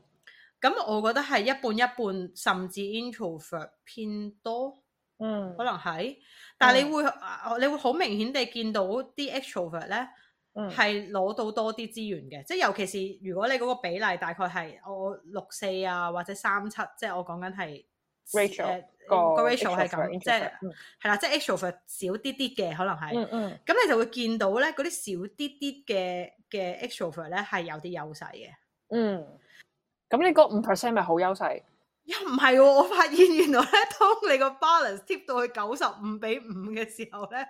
咁我覺得係一半一半，甚至 introvert 偏多。嗯，可能係，但係你會、嗯、你會好明顯地見到啲 extrovert 咧，係攞、嗯、到多啲資源嘅，即係尤其是如果你嗰個比例大概係我六四啊，或者三七，即係我講緊係 ratio 個 ratio 係咁，即係係啦，即係 extrovert 少啲啲嘅可能係，咁、嗯嗯、你就會見到咧嗰啲少啲啲嘅嘅 extrovert 咧係有啲優勢嘅、嗯，嗯，咁你嗰五 percent 咪好優勢。嗯又唔係，我發現原來咧，當你個 balance tip 到去九十五比五嘅時候咧，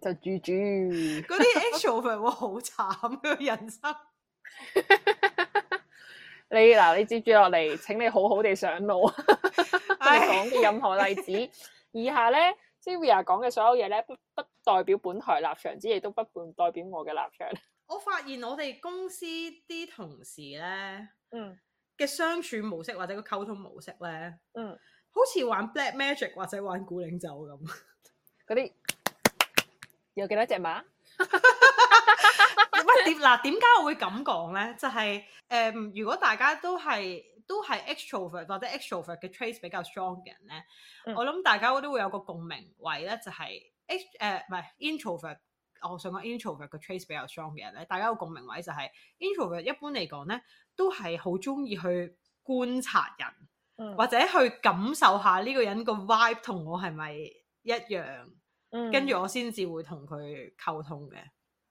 就住住嗰啲 actual 會好慘嘅人生。 (laughs) 你嗱，你接住落嚟，請你好好地上路。唔 (laughs) 講任何例子，哎、 (laughs) 以下咧 Sylvia 講嘅所有嘢咧，不不代表本台立場之，亦都不代表我嘅立場。我發現我哋公司啲同事咧，嗯。嘅相處模式或者個溝通模式咧，嗯，好似玩 Black Magic 或者玩古零酒咁，嗰啲有幾多隻馬？唔係嗱？點解我會咁講咧？就係、是、誒、嗯，如果大家都係都係 extrovert 或者 extrovert 嘅 trace 比較 strong 嘅人咧，嗯、我諗大家都會有個共鳴位咧，就係、是、ext 誒唔係 introvert、呃。Introvert, 我想講 introvert 嘅 trace 比較 strong 嘅人咧，大家有共鳴位就係、是、introvert 一般嚟講咧。都係好中意去觀察人，嗯、或者去感受下呢個人個 vibe 同我係咪一樣，嗯、跟住我先至會同佢溝通嘅。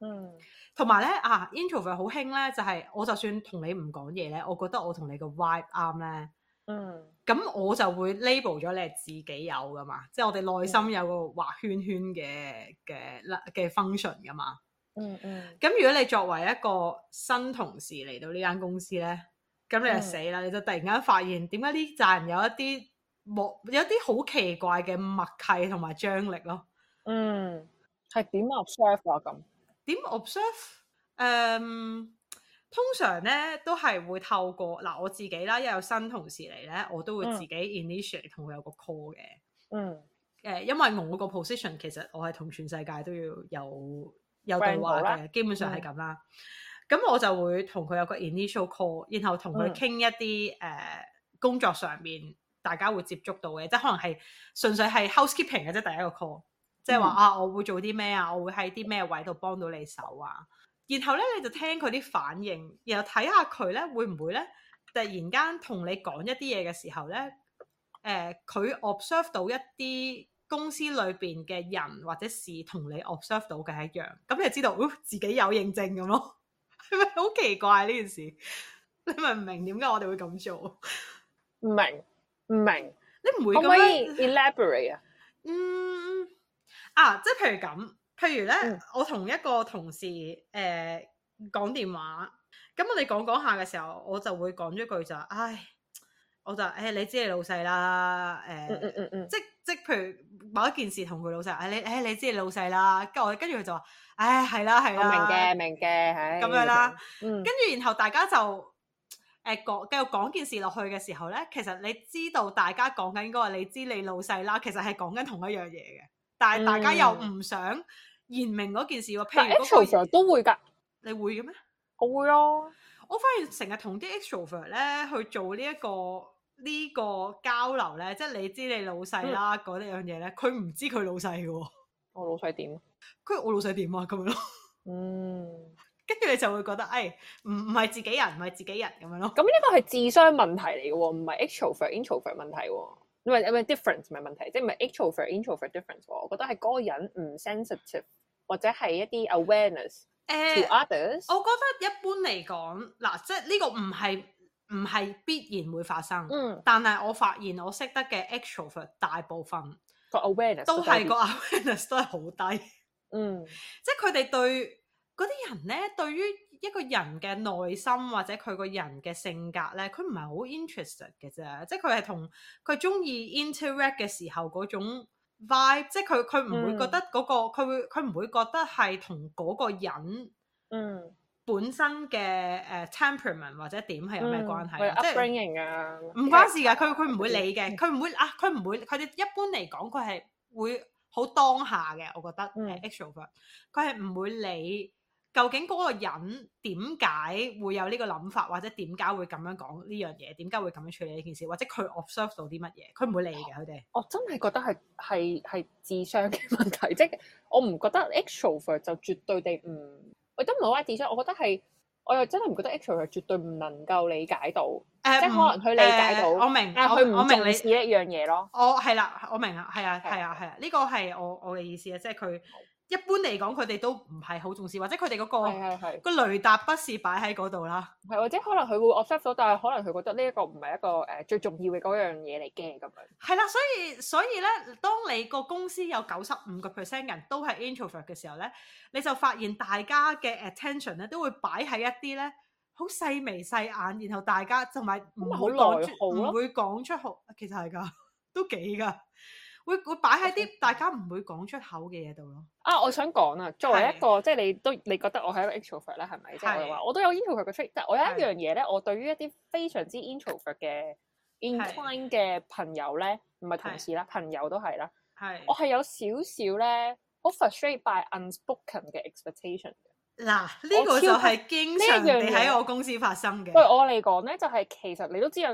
嗯，同埋咧啊，introvert 好興咧，就係、是、我就算同你唔講嘢咧，我覺得我同你個 vibe 啱咧。嗯，咁我就會 label 咗你自己有㗎嘛，即、就、係、是、我哋內心有個畫圈圈嘅嘅嘅 function 㗎嘛。嗯嗯，咁、嗯、如果你作為一個新同事嚟到呢間公司咧，咁你就死啦！嗯、你就突然間發現，點解呢站人有一啲默，有啲好奇怪嘅默契同埋張力咯？嗯，係點 observe 啊？咁點 observe？誒，obs um, 通常咧都係會透過嗱，我自己啦，一有新同事嚟咧，我都會自己 initiate 同佢有個 call 嘅、嗯。嗯，誒，因為我個 position 其實我係同全世界都要有。有對話嘅，基本上係咁啦。咁、嗯、我就會同佢有個 initial call，然後同佢傾一啲誒、嗯呃、工作上面大家會接觸到嘅，即係可能係純粹係 housekeeping 嘅啫。第一個 call，即係話啊，我會做啲咩啊？我會喺啲咩位度幫到你手啊？然後咧，你就聽佢啲反應，然後睇下佢咧會唔會咧突然間同你講一啲嘢嘅時候咧，誒、呃，佢 observe 到一啲。公司裏邊嘅人或者事同你 observe 到嘅係一樣，咁你就知道、哦、自己有認證咁咯。係咪好奇怪呢、啊、件事？你咪唔明點解我哋會咁做？唔明，唔明，你唔會咁可以 elaborate 啊？嗯啊，即係譬如咁，譬如咧，嗯、我同一個同事誒、呃、講電話，咁我哋講一講一下嘅時候，我就會講一句就係，唉。我就誒、欸、你知你老細啦，誒、欸嗯嗯嗯、即即譬如某一件事同佢老細，誒你誒你知你老細啦，跟住我跟住佢就話，誒係啦係啦，啦明嘅明嘅係咁樣啦，跟住、嗯、然後大家就誒講繼續講件事落去嘅時候咧，其實你知道大家講緊嗰個你知你老細啦，其實係講緊同一樣嘢嘅，但係大家又唔想言明嗰件事喎。extrovert、嗯、H 都會㗎，你會嘅咩？我會咯、啊，我反而成日同啲 extrovert 咧去做呢、這、一個。呢個交流咧，即係你知你老細啦，嗰啲樣嘢咧，佢唔知佢老細嘅。我老細點？佢我老細點啊，咁樣咯。嗯，跟住你就會覺得，誒、哎，唔係自己人，唔係自己人咁樣咯。咁呢個係智商問題嚟嘅，唔係 extrovert introvert 問題，唔係唔係 difference 唔係問題，即係唔係 extrovert introvert difference。我覺得係個人唔 sensitive 或者係一啲 awareness to others、呃。我覺得一般嚟講，嗱，即係呢個唔係。唔係必然會發生，嗯、但係我發現我識得嘅 extra 夫大部分 For awareness，個 awareness 都係個 awareness 都係好低，嗯，即係佢哋對嗰啲人咧，對於一個人嘅內心或者佢個人嘅性格咧，佢唔係好 interested 嘅啫，即係佢係同佢中意 interact 嘅時候嗰種 vibe，即係佢佢唔會覺得嗰、那個佢會佢唔會覺得係同嗰個人，嗯。本身嘅誒、uh, temperament 或者點係有咩關係？即係、嗯、upbringing 啊，唔關事嘅，佢佢唔會理嘅，佢唔會啊，佢唔會，佢哋一般嚟講，佢係會好當下嘅。我覺得 extravert 佢係唔會理究竟嗰個人點解會有呢個諗法，或者點解會咁樣講呢樣嘢，點解會咁樣處理呢件事，或者佢 observe 到啲乜嘢，佢唔會理嘅。佢哋，我真係覺得係係係智商嘅問題， (laughs) 即係我唔覺得 extravert 就絕對地唔。我都唔好話智商，我覺得係，我又真係唔覺得，actual 係絕對唔能夠理解到，誒、呃，即係可能佢理解到，呃、我明，但係佢唔重視一樣嘢咯。我係啦，我明啊，係啊，係啊，係啊，呢的個係我我嘅意思啊，即係佢。一般嚟講，佢哋都唔係好重視，或者佢哋嗰個是是是個雷達不是擺喺嗰度啦。係或者可能佢會 observe 到，但係可能佢覺得呢一個唔係一個誒最重要嘅嗰樣嘢嚟嘅咁樣。係啦，所以所以咧，當你個公司有九十五個 percent 人都係 introvert 嘅時候咧，你就發現大家嘅 attention 咧都會擺喺一啲咧好細眉細眼，然後大家同埋唔會講唔會講出口，其實係噶，都幾噶。會會擺喺啲大家唔會講出口嘅嘢度咯。啊，我想講啊，作為一個是即係你都你覺得我係一個 introvert 咧，係咪是？即係話我都有 introvert 嘅特色，但係我有一樣嘢咧，是我對於一啲非常之 introvert 嘅 incline 嘅朋友咧，唔係是同事啦，是朋友都係啦，係是我係有少少咧，好 frustrated by unspoken 嘅 expectation。嗱，呢、這個就係經常地喺我公司發生嘅。對、這個、我嚟講咧，就係、是、其實你都知有。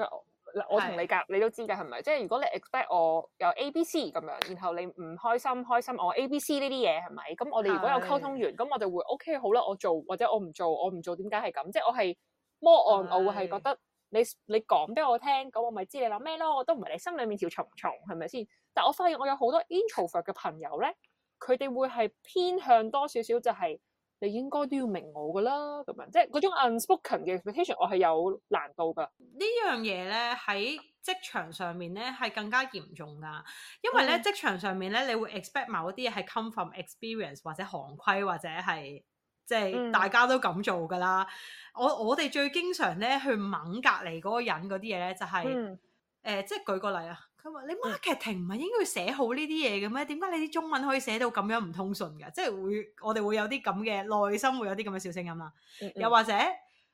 嗱，我同你夾你都知嘅，係咪？即係如果你 expect 我有 A、B、C 咁樣，然後你唔開心，開心我 A、B、C 呢啲嘢係咪？咁我哋如果有溝通完，咁是我哋會 O、OK，好啦，我做或者我唔做，我唔做點解係咁？即係我係摩案，是我會係覺得你你講俾我聽，咁我咪知你諗咩咯。我都唔係你心裡面條蟲蟲係咪先？但我發現我有好多 introvert 嘅朋友咧，佢哋會係偏向多少少就係、是。你應該都要明我噶啦，咁樣即係嗰種 unspoken 嘅 expectation，我係有難度噶。樣呢樣嘢咧喺職場上面咧係更加嚴重噶，因為咧、mm hmm. 職場上面咧，你會 expect 某一啲嘢係 come from experience 或者行規或者係即係大家都咁做噶啦。Mm hmm. 我我哋最經常咧去猛隔離嗰個人嗰啲嘢咧就係、是、誒、mm hmm. 呃，即係舉個例啊。佢話：你 marketing 唔係應該要寫好呢啲嘢嘅咩？點解你啲中文可以寫到咁樣唔通順㗎？即係會我哋會有啲咁嘅內心會有啲咁嘅小聲音啦。嗯嗯又或者誒，佢、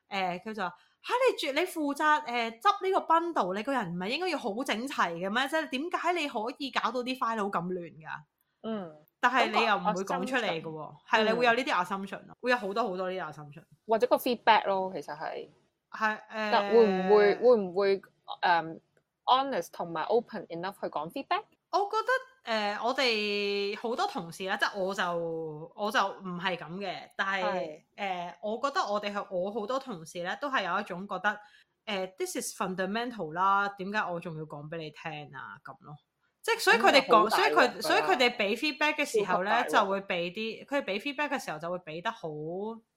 呃、就話嚇你住你負責誒執呢個 bin 度，你個人唔係應該要好整齊嘅咩？即係點解你可以搞到啲 file 咁亂㗎？嗯，但係你又唔會講出嚟嘅喎，係、嗯、你會有呢啲 assumption 咯，嗯、會有好多好多呢啲 assumption，或者個 feedback 咯，其實係係誒，會唔會會唔會誒？Um, honest 同埋 open enough 去講 feedback，我覺得誒、呃，我哋好多同事咧，即係我就我就唔係咁嘅，但係誒的、呃，我覺得我哋係我好多同事咧，都係有一種覺得誒、呃、this is fundamental 啦，點解我仲要講俾你聽啊？咁咯，即係所以佢哋講，所以佢、嗯、所以佢哋俾 feedback 嘅時候咧，就會俾啲佢哋俾 feedback 嘅時候就會俾得好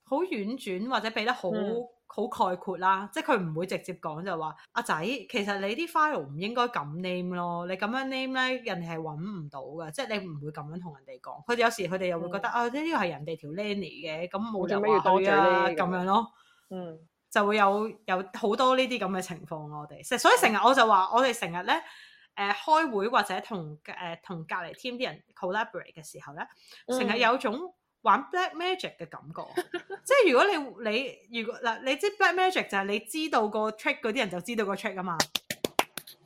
好婉轉，或者俾得好。嗯好概括啦，即係佢唔會直接講就話阿仔，其實你啲 file 唔應該咁 name 咯，你咁樣 name 咧，人哋係揾唔到嘅，即係你唔會咁樣同人哋講。佢哋有時佢哋又會覺得、嗯、啊，啊呢個係人哋條 lady 嘅，咁冇就話啊咁樣咯。嗯，就會有有好多呢啲咁嘅情況、啊，我哋，所以成日、嗯、我就話我哋成日咧，誒、呃、開會或者同誒同隔離 team 啲人 collaborate 嘅時候咧，成日有種。嗯玩 black magic 嘅感覺， (laughs) 即係如果你你如果嗱，你知 black magic 就係你知道個 trick 嗰啲人就知道個 trick 啊嘛。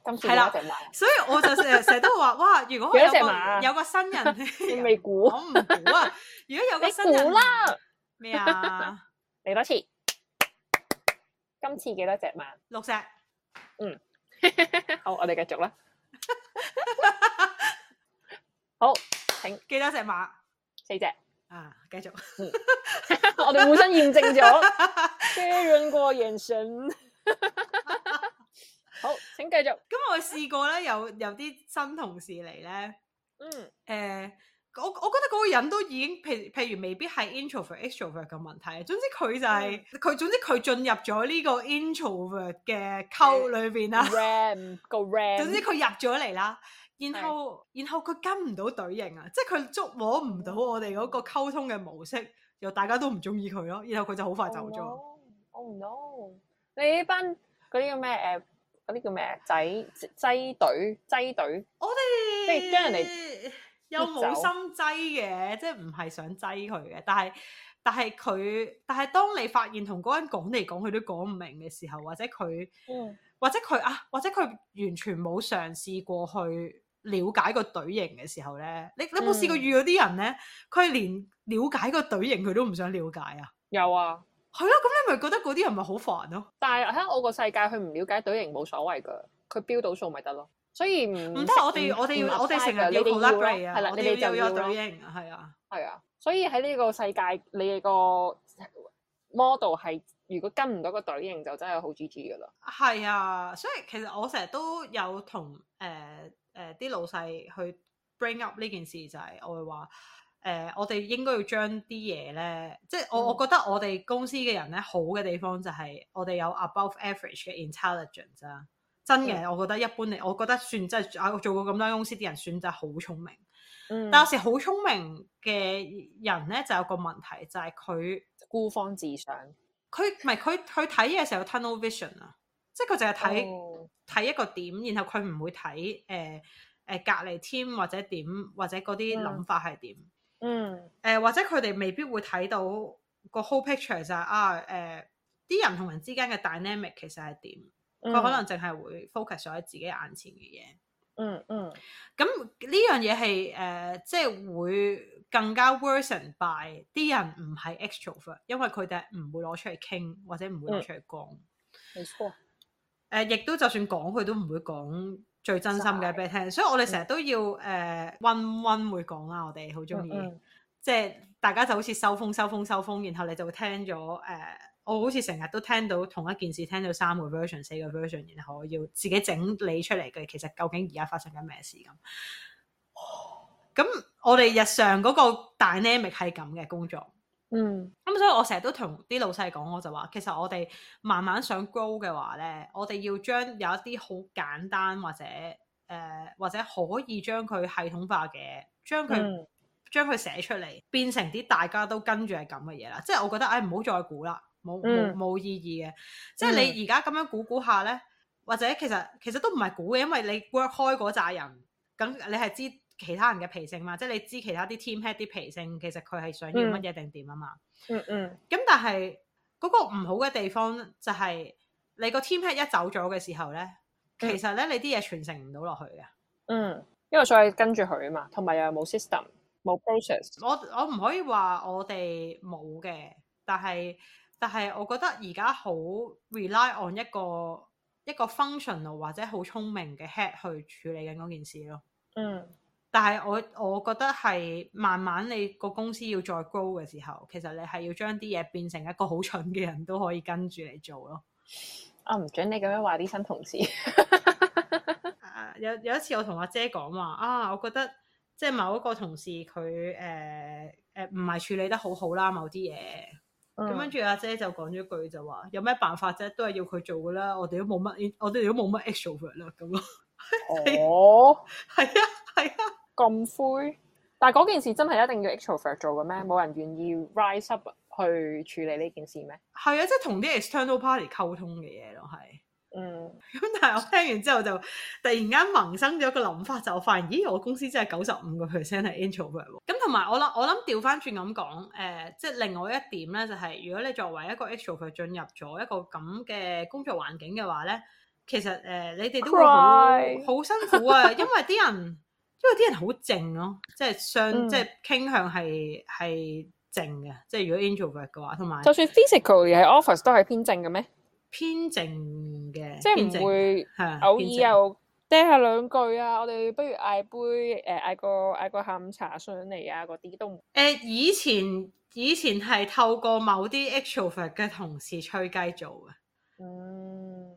今次幾多隻馬？所以我就成成日都話哇，如果可以有個隻馬有個新人，你未估我唔估啊！如果有個新人，好啦，咩啊麼？嚟多次，今次幾多隻馬？六隻隻。嗯，好，我哋繼續啦。 (laughs) 好，請。幾多隻馬？四隻。啊，繼續， (laughs) (laughs) 我哋互相驗證咗，確認 (laughs) 過眼神， (laughs) 好，請繼續。咁我試過咧，有有啲新同事嚟咧，嗯，誒、呃，我我覺得嗰個人都已經譬譬如未必係 introvert extrovert 嘅問題，總之佢就係、是、佢、嗯，總之佢進入咗呢個 introvert 嘅溝裏邊啦，ram 個 ram，總之佢入咗嚟啦。然後是然後佢跟唔到隊形啊，即係佢捉摸唔到我哋嗰個溝通嘅模式，又大家都唔中意佢咯，然後佢就好快就走咗。我唔 n 你呢班嗰啲叫咩誒？嗰啲叫咩仔擠隊擠隊？我哋 (laughs) 即係將人哋又冇心擠嘅，即係唔係想擠佢嘅。但係但係佢，但係當你發現同嗰人講嚟講去都講唔明嘅時候，或者佢， (laughs) 或者佢啊，或者佢完全冇嘗試過去。了解個隊形嘅時候咧，你你有冇試過遇到啲人咧？佢係連了解個隊形，佢都唔想了解啊！有啊，係咯，咁、 (noise) 啊、你咪覺得嗰啲人咪好煩咯、啊？但係喺我個世界，佢唔了解隊形冇所謂噶，佢標到數咪得咯。所以唔得，我哋我哋不我哋成日你哋要咯，啦、啊啊啊，你哋就要咯，係啊，係啊。所以喺呢個世界，你哋個 model 係。如果跟唔到個隊形，就真係好 GG 噶啦。係啊，所以其實我成日都有同誒誒啲老細去 bring up 呢件事，就係、是、我會話誒、呃，我哋應該要將啲嘢咧，即係我我覺得我哋公司嘅人咧好嘅地方就係我哋有 above average 嘅 intelligence。真真嘅，我覺得一般嚟，我覺得算即係啊。我做過咁多公司啲人選擇好聰明，嗯、但有時好聰明嘅人咧就有個問題，就係、是、佢孤芳自賞。佢唔係佢去睇嘢嘅時候有 tunnel vision 啊，即係佢淨係睇睇一個點，然後佢唔會睇誒誒隔離 team 或者點或者嗰啲諗法係點。嗯、mm. 呃。誒或者佢哋未必會睇到個 whole picture 就係、是、啊誒啲、呃、人同人之間嘅 dynamic 其實係點。佢可能淨係會 focus 咗喺自己眼前嘅嘢。嗯嗯、mm. mm.。咁呢樣嘢係誒即係會。更加 worsen by 啲人唔係 extrovert，因為佢哋唔會攞出嚟傾或者唔會攞出嚟講。冇錯、嗯，誒，亦都、呃、就算講，佢都唔會講最真心嘅俾你聽。是所以我哋成日都要誒溫溫會講啦。我哋好中意，嗯嗯、即係大家就好似收風收風收風，然後你就聽咗誒、呃，我好似成日都聽到同一件事聽到三個 version 四個 version，然後我要自己整理出嚟嘅其實究竟而家發生緊咩事咁。咁。我哋日常嗰個 dynamic 係咁嘅工作，嗯，咁、嗯、所以我成日都同啲老細講，我就話其實我哋慢慢想 grow 嘅話咧，我哋要將有一啲好簡單或者誒、呃、或者可以將佢系統化嘅，將佢、嗯、將佢寫出嚟，變成啲大家都跟住係咁嘅嘢啦。即係我覺得，哎，唔好再估啦，冇冇、嗯、意義嘅。即係你而家咁樣估估下咧，或者其實其實都唔係估嘅，因為你 work 開嗰扎人，咁你係知。其他人嘅脾性嘛，即係你知其他啲 team head 啲脾性，其實佢係想要乜嘢定點啊嘛。嗯嗯。咁、嗯嗯、但係嗰、嗰個唔好嘅地方就係、是、你個 team head 一走咗嘅時候咧，嗯、其實咧你啲嘢傳承唔到落去嘅。嗯，因為所以跟住佢啊嘛，同埋又冇 system，冇 process。我我唔可以話我哋冇嘅，但係但係我覺得而家好 rely on 一個一個 functional 或者好聰明嘅 head 去處理緊嗰件事咯。嗯。但係我，我覺得係慢慢你個公司要再高嘅時候，其實你係要將啲嘢，變成一個好蠢嘅人都可以跟住嚟做咯。我唔準你咁樣話啲新同事。 (laughs) (laughs) 有有一次我同阿姐講話啊，我覺得即係、就是、某一個同事佢誒誒唔係處理得好好啦，某啲嘢咁跟住阿姐就講咗句就話有咩辦法啫，都係要佢做嘅啦。我哋都冇乜，我哋都冇乜 extra effort 啦。咁咯， (laughs) 哦，係 (laughs) 啊，係啊。咁灰，但係嗰件事真係一定要 extrovert 做嘅咩？冇人願意 rise up 去處理呢件事咩？係啊，即係同啲 external party 溝通嘅嘢咯，係嗯咁。但係我聽完之後就突然間萌生咗個諗法，就發現咦，我公司真係九十五個 percent 係 introvert 喎。咁同埋我諗，我諗調翻轉咁講，誒，即、呃、係、就是、另外一點咧，就係、是、如果你作為一個 extrovert 進入咗一個咁嘅工作環境嘅話咧，其實誒、呃、你哋都會好 (cries) 辛苦啊，因為啲人。 (laughs) 因為啲人好靜咯，即係相，即係傾向係係靜嘅。即係如果 introvert 嘅話，同埋就算 physically 喺 office 都係偏靜嘅咩？偏靜嘅，即係唔會偶爾又嗲下兩句啊！我哋不如嗌杯誒，嗌、呃、個嗌個下午茶上嚟啊！嗰啲都誒、呃，以前以前係透過某啲 introvert 嘅同事吹雞做嘅，嗯。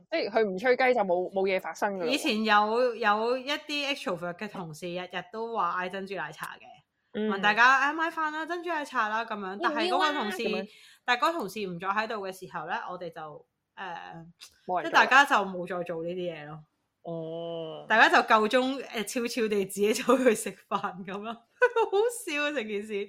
即係佢唔吹雞就冇冇嘢發生嘅。以前有有一啲 extrovert 嘅同事日日都話嗌珍珠奶茶嘅，嗯、問大家嗌咩、啊、飯啦、啊，珍珠奶茶啦、啊、咁樣。但係嗰個同事，要要啊、但嗰同事唔再喺度嘅時候咧，我哋就誒，即、呃、係大家就冇再做呢啲嘢咯。哦。大家就夠鐘誒悄悄地自己走去食飯咁啦， (laughs) 好笑啊，成件事。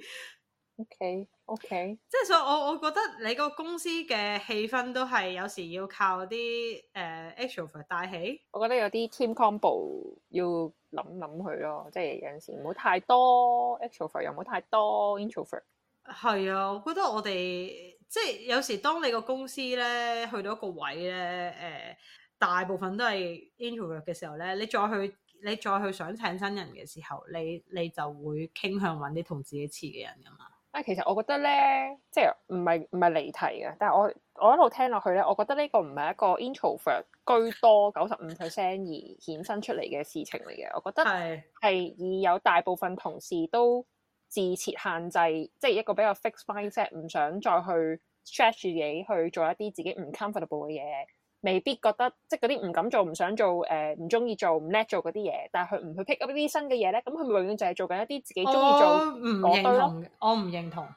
O K。OK，即係所以我我覺得你個公司嘅氣氛都係有時要靠啲誒 extrovert 帶起。我覺得有啲 team combo 要諗諗佢咯，即係有陣時唔好太多 extrovert 又唔好太多 introvert。係啊，我覺得我哋即係有時當你個公司咧去到一個位咧，誒大部分都係 introvert 嘅時候咧，你再去你再去想請新人嘅時候，你你就會傾向揾啲同自己似嘅人噶嘛。啊，其實我覺得咧，即係唔係唔係離題嘅，但係我我一路聽落去咧，我覺得呢個唔係一個 introvert 居多九十五 percent 而衍生出嚟嘅事情嚟嘅，我覺得係係以有大部分同事都自設限制，即係一個比較 fixed mindset，唔想再去 stretch 自己去做一啲自己唔 comfortable 嘅嘢。未必覺得即係嗰啲唔敢做、唔想做、誒唔中意做、唔、呃、叻做嗰啲嘢，但係佢唔去 pick up 嗰啲新嘅嘢咧，咁佢永遠就係做緊一啲自己中意做、唔認同、我唔認同、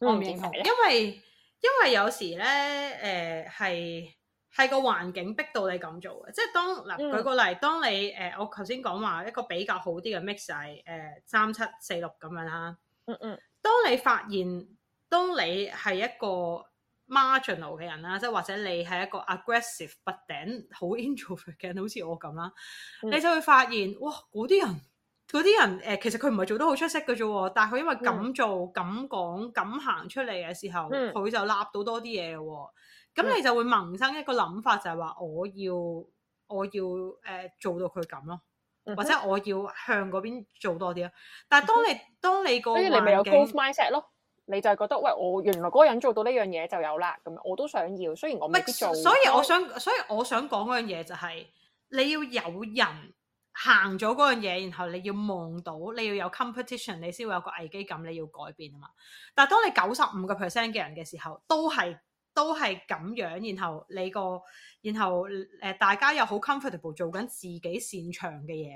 我唔認同，認同因為因為有時咧誒係係個環境逼到你咁做嘅，即係當嗱、呃、舉個例，當你誒、呃、我頭先講話一個比較好啲嘅 mix 係誒三七四六咁樣啦，嗯嗯，當你發現當你係一個 Marginal 嘅人啦，即係或者你係一個 aggressive 拔頂、好 introvert 嘅，好似我咁啦，你就會發現哇，嗰啲人嗰啲人誒、呃，其實佢唔係做得好出色嘅啫喎，但係佢因為敢做、嗯、敢講、敢行出嚟嘅時候，佢、嗯、就揦到多啲嘢喎。咁、嗯、你就會萌生一個諗法，就係話我要我要誒、呃、做到佢咁咯，或者我要向嗰邊做多啲咯。但係當你、嗯、當你個環境，所以你咪有 close mindset 咯。你就係覺得，喂，我原來嗰個人做到呢樣嘢就有啦，咁我都想要。雖然我未必做不但 所以我想，所以我想講嗰樣嘢就係、是，你要有人行咗嗰樣嘢，然後你要望到，你要有 competition，你先會有個危機感，你要改變啊嘛。但係當你九十五個 percent 嘅人嘅時候，都係都係咁樣，然後你個，然後誒大家又好 comfortable 做緊自己擅長嘅嘢，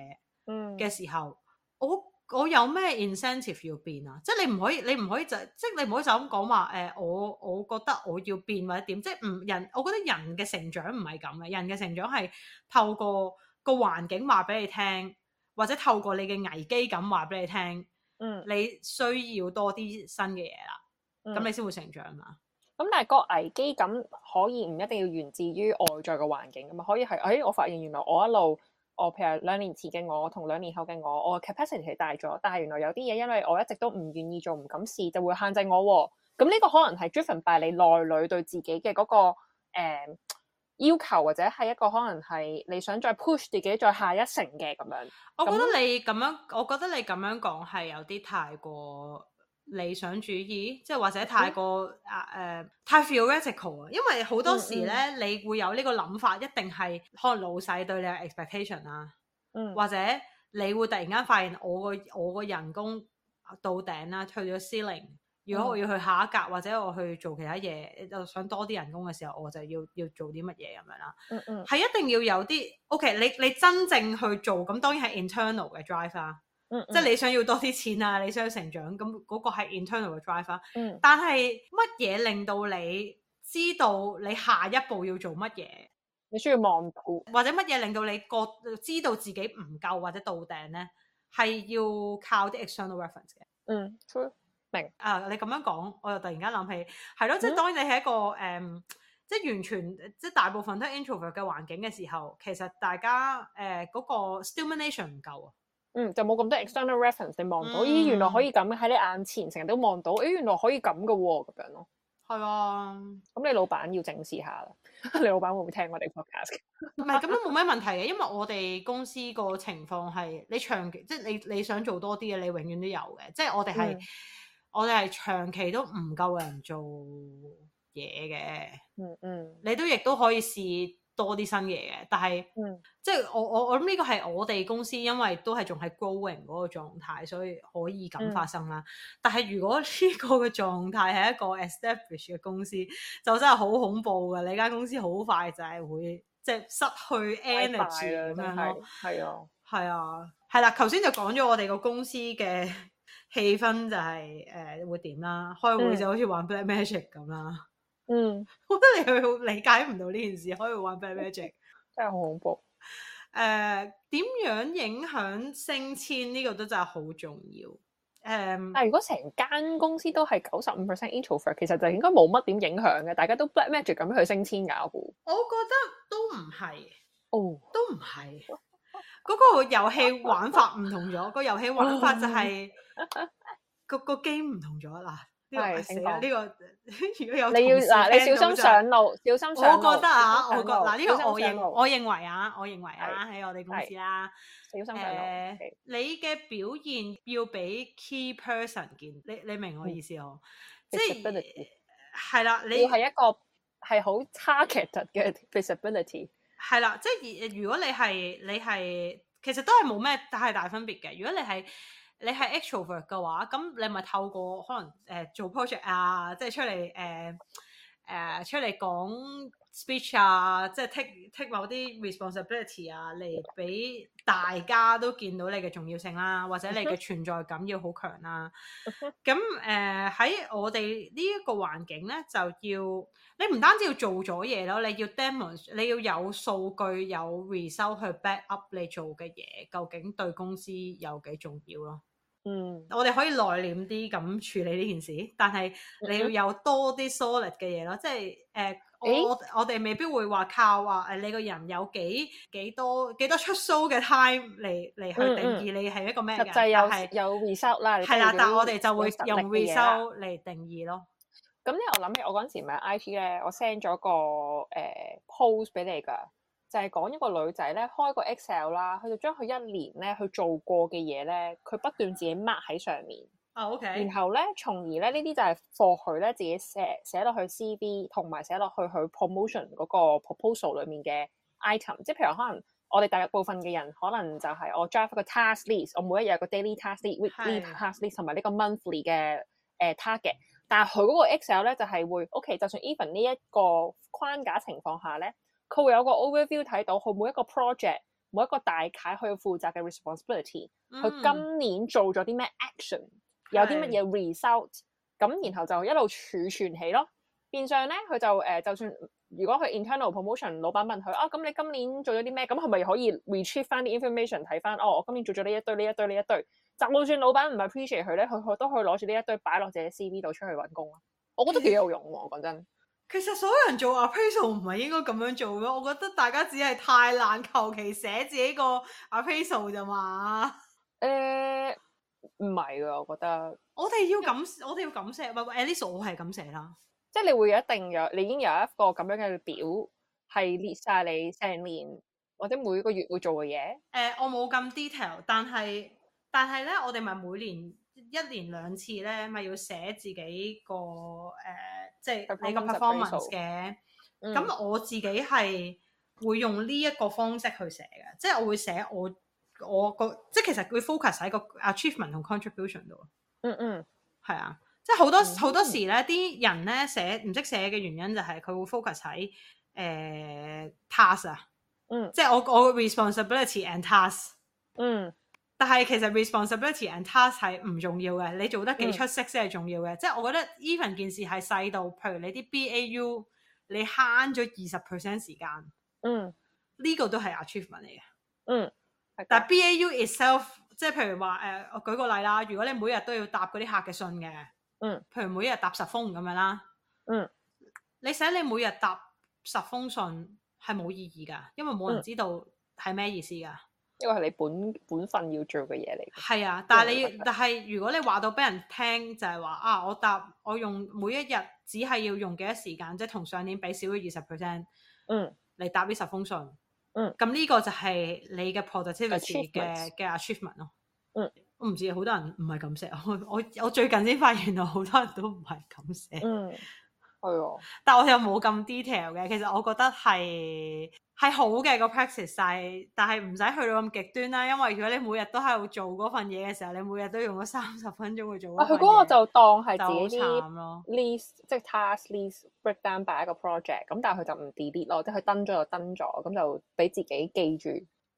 嗯嘅時候，我、嗯。我有咩 incentive 要變啊？即係你唔可以，你唔可以就即係你唔可以就咁講話誒，我我覺得我要變或者點？即係唔人，我覺得人嘅成長唔係咁嘅，人嘅成長係透過個環境話俾你聽，或者透過你嘅危機感話俾你聽。嗯，你需要多啲新嘅嘢啦，咁、嗯、你先會成長嘛。咁、嗯、但係個危機感可以唔一定要源自於外在嘅環境啊嘛，可以係誒、哎，我發現原來我一路。我譬如兩年前嘅我同兩年後嘅我，我 capacity 係大咗，但係原來有啲嘢因為我一直都唔願意做唔敢試，就會限制我、哦。咁、嗯、呢、這個可能係 driven by 你內裏對自己嘅嗰、那個、呃、要求，或者係一個可能係你想再 push 自己再下一成嘅咁樣。我覺得你咁樣，樣我覺得你咁樣講係有啲太過。理想主義，即係或者太過、嗯、啊誒、呃，太 feel radical 啊！因為好多時咧，嗯嗯你會有呢個諗法，一定係可能老細對你有 expectation 啊，嗯，或者你會突然間發現我個我個人工到頂啦、啊，退咗 ceiling 如果我要去下一格，嗯、或者我去做其他嘢，就想多啲人工嘅時候，我就要要做啲乜嘢咁樣啦、啊。嗯嗯，係一定要有啲 OK，你你，你真正去做，咁當然係 internal 嘅 drive 啦。即係你想要多啲錢啊，你想要成長，咁、那、嗰個係 internal 嘅 driver、啊。嗯、但係乜嘢令到你知道你下一步要做乜嘢？你需要望到，或者乜嘢令到你覺知道自己唔夠或者到頂咧？係要靠啲 external reference 嘅。嗯，true，明。啊，uh，你咁樣講，我又突然間諗起，係咯，即係當然你係一個誒、嗯嗯，即係完全即係大部分都係 introvert 嘅環境嘅時候，其實大家誒嗰、呃那個 stimulation 唔夠啊。嗯，就冇咁多 external reference，你望唔到，咦、嗯哎，原來可以咁喺你眼前成日都望到，誒，原來可以咁嘅喎，咁樣咯。係啊，咁、啊、你老闆要正視下啦， (laughs) 你老闆會唔會聽我哋 podcast？唔係，咁都冇咩問題嘅，因為我哋公司個情況係你長期，即係你你想做多啲嘢，你永遠都有嘅，即係我哋係、嗯、我哋係長期都唔夠人做嘢嘅。嗯嗯，你都亦都可以試。多啲新嘢嘅，但係、嗯、即係我我我諗呢個係我哋公司，因為都係仲係 growing 嗰個狀態，所以可以咁發生啦。嗯、但係如果呢個嘅狀態係一個 establish 嘅公司，就真係好恐怖噶。你間公司好快就係會即係、就是、失去 energy 啊，咁樣咯。係啊，係啊，係啦。頭先就講咗我哋個公司嘅氣氛就係、是、誒、呃、會點啦？開會就好似玩 black magic 咁啦。嗯嗯，我覺得你去理解唔到呢件事，可以玩 black magic，真係好恐怖。誒，點樣影響升遷呢、呢個都真係好重要。誒、um,，但如果成間公司都係九十五 percent introvert，其實就應該冇乜點影響嘅，大家都 black magic 咁樣去升遷噶。我估，我覺得都唔係，哦，都唔係，嗰、oh. 個遊戲玩法唔同咗，oh. 個遊戲玩法就係、係 oh. 個、oh. 個機唔、就係 oh. 同咗啦。呢個如果有你要嗱，你小心上路，小心上路。我覺得啊，我覺得，呢個我認，我認為啊，我認為啊，喺我哋公司啦，小心上路。你嘅表現要俾 key person 見，你你明我意思哦？即係，係啦，你係一個係好 target 嘅 visibility。係啦，即係如果你係你係，其實都係冇咩太大分別嘅。如果你係。你係 extrovert 嘅話，咁你咪透過可能誒、呃、做 project 啊，即係出嚟誒誒出嚟講 speech 啊，即係 take take 某啲 responsibility 啊，嚟俾大家都見到你嘅重要性啦，啊，或者你嘅存在感要好強啦。咁誒喺我哋呢一個環境咧，就要你唔單止要做咗嘢咯，你要 demo，你要有數據有 result 去 back up 你做嘅嘢，究竟對公司有幾重要咯，啊？嗯，我哋可以內斂啲咁處理呢件事，但係你要有多啲 solid 嘅嘢咯，即係誒、uh, 欸，我我哋未必會話靠話誒，你個人有幾幾多幾多出 show 嘅 time 嚟嚟去定義你係一個咩嘅、嗯嗯，實際係有，係有 result 啦，係啦，但係我哋就會用 result 嚟定義咯。咁咧，我諗起我嗰陣時咪 IG 咧，我 send 咗個誒 post 俾你噶。就係講一個女仔咧，開個 Excel 啦，佢就將佢一年咧去做過嘅嘢咧，佢不斷自己 mark 喺上面。o、oh, k okay. 然後咧，從而咧，呢啲就係 for 佢咧自己寫寫落去 CV 同埋寫落去佢 promotion 嗰個 proposal 裡面嘅 item。即係譬如可能我哋大部分嘅人可能就係我 drive 一個 task list，我每一日有個 daily task list 是、weekly task list 同埋、呃、呢個 monthly 嘅誒 target。但係佢嗰個 Excel 咧就係、是、會 OK，就算 even 呢一個框架情況下咧。佢會有個 overview 睇到佢每一個 project 每一個大楷佢要負責嘅 responsibility，佢今年做咗啲咩 action，有啲乜嘢 result，咁的然後就一路儲存起咯。變相咧，佢就誒、呃、就算如果佢 internal promotion，老闆問佢哦，咁你今年做咗啲咩？咁係咪可以 retrieve 翻啲 information 睇翻？哦，我今年做咗呢一堆呢一堆呢一堆。就算老闆唔係 appreciate 佢咧，佢佢都可以攞住呢一堆擺落自己 CV 度出去揾工啦。我覺得幾有用喎，講真。 (laughs) 其實所有人做 appraisal 唔係應該咁樣做咯，我覺得大家只係太懶，求其寫自己個 appraisal 咋嘛？誒、呃，唔係喎，我覺得。我哋要咁，嗯、我哋要咁寫，唔係，至少我係咁寫啦。即係你會有一定有，你已經有一個咁樣嘅表，係列晒你成年或者每個月會做嘅嘢。誒、呃，我冇咁 detail，但係但係咧，我哋咪每年一年兩次咧，咪、就是、要寫自己個誒。呃即係你個 performance 嘅咁，嗯、我自己係會用呢一個方式去寫嘅，即、就、係、是、我會寫我我個即係、就是、其實會 focus 喺個 achievement 同 contribution 度、嗯。嗯、啊就是、嗯，係啊，即係好多好多時咧，啲人咧寫唔識寫嘅原因就係佢會 focus 喺誒、呃、task 啊、嗯，即係我我 responsibility and task 嗯。嗯。但係其實 responsibility and task 係唔重要嘅，你做得幾出色先係重要嘅。嗯、即係我覺得 even 件事係細到，譬如你啲 BAU，你慳咗二十 percent 時間，嗯，呢個都係 achievement 嚟嘅。嗯。但 BAU itself，即係譬如話，誒、呃，我舉個例啦，如果你每日都要答嗰啲客嘅信嘅，嗯，譬如每日答十封咁樣啦，嗯，你寫你每日答十封信係冇意義噶，因為冇人知道係咩意思噶。呢個係你本本分要做嘅嘢嚟。係啊，但係你， (laughs) 但係如果你話到俾人聽，就係、係、話啊，我答我用每一日只係要用幾多時間，即係同上年比少於二十 percent。嗯。嚟答呢十封信。嗯。咁呢個就係你嘅 productivity 嘅嘅 achievement 咯。Ach ieve ach 嗯。我唔知，好多人唔係咁寫。我我最近先發現，好多人都唔係咁寫。嗯。係但係我又冇咁 detail 嘅。其實我覺得係係好嘅個 practice 但係唔使去到咁極端啦。因為如果你每日都喺度做嗰份嘢嘅時候，你每日都用咗三十分鐘去做。佢嗰個就當係自己啲 list，即係 task list breakdown 一個 project。咁但係佢就唔 delete 咯，即係佢登咗就登咗，咁就俾自己記住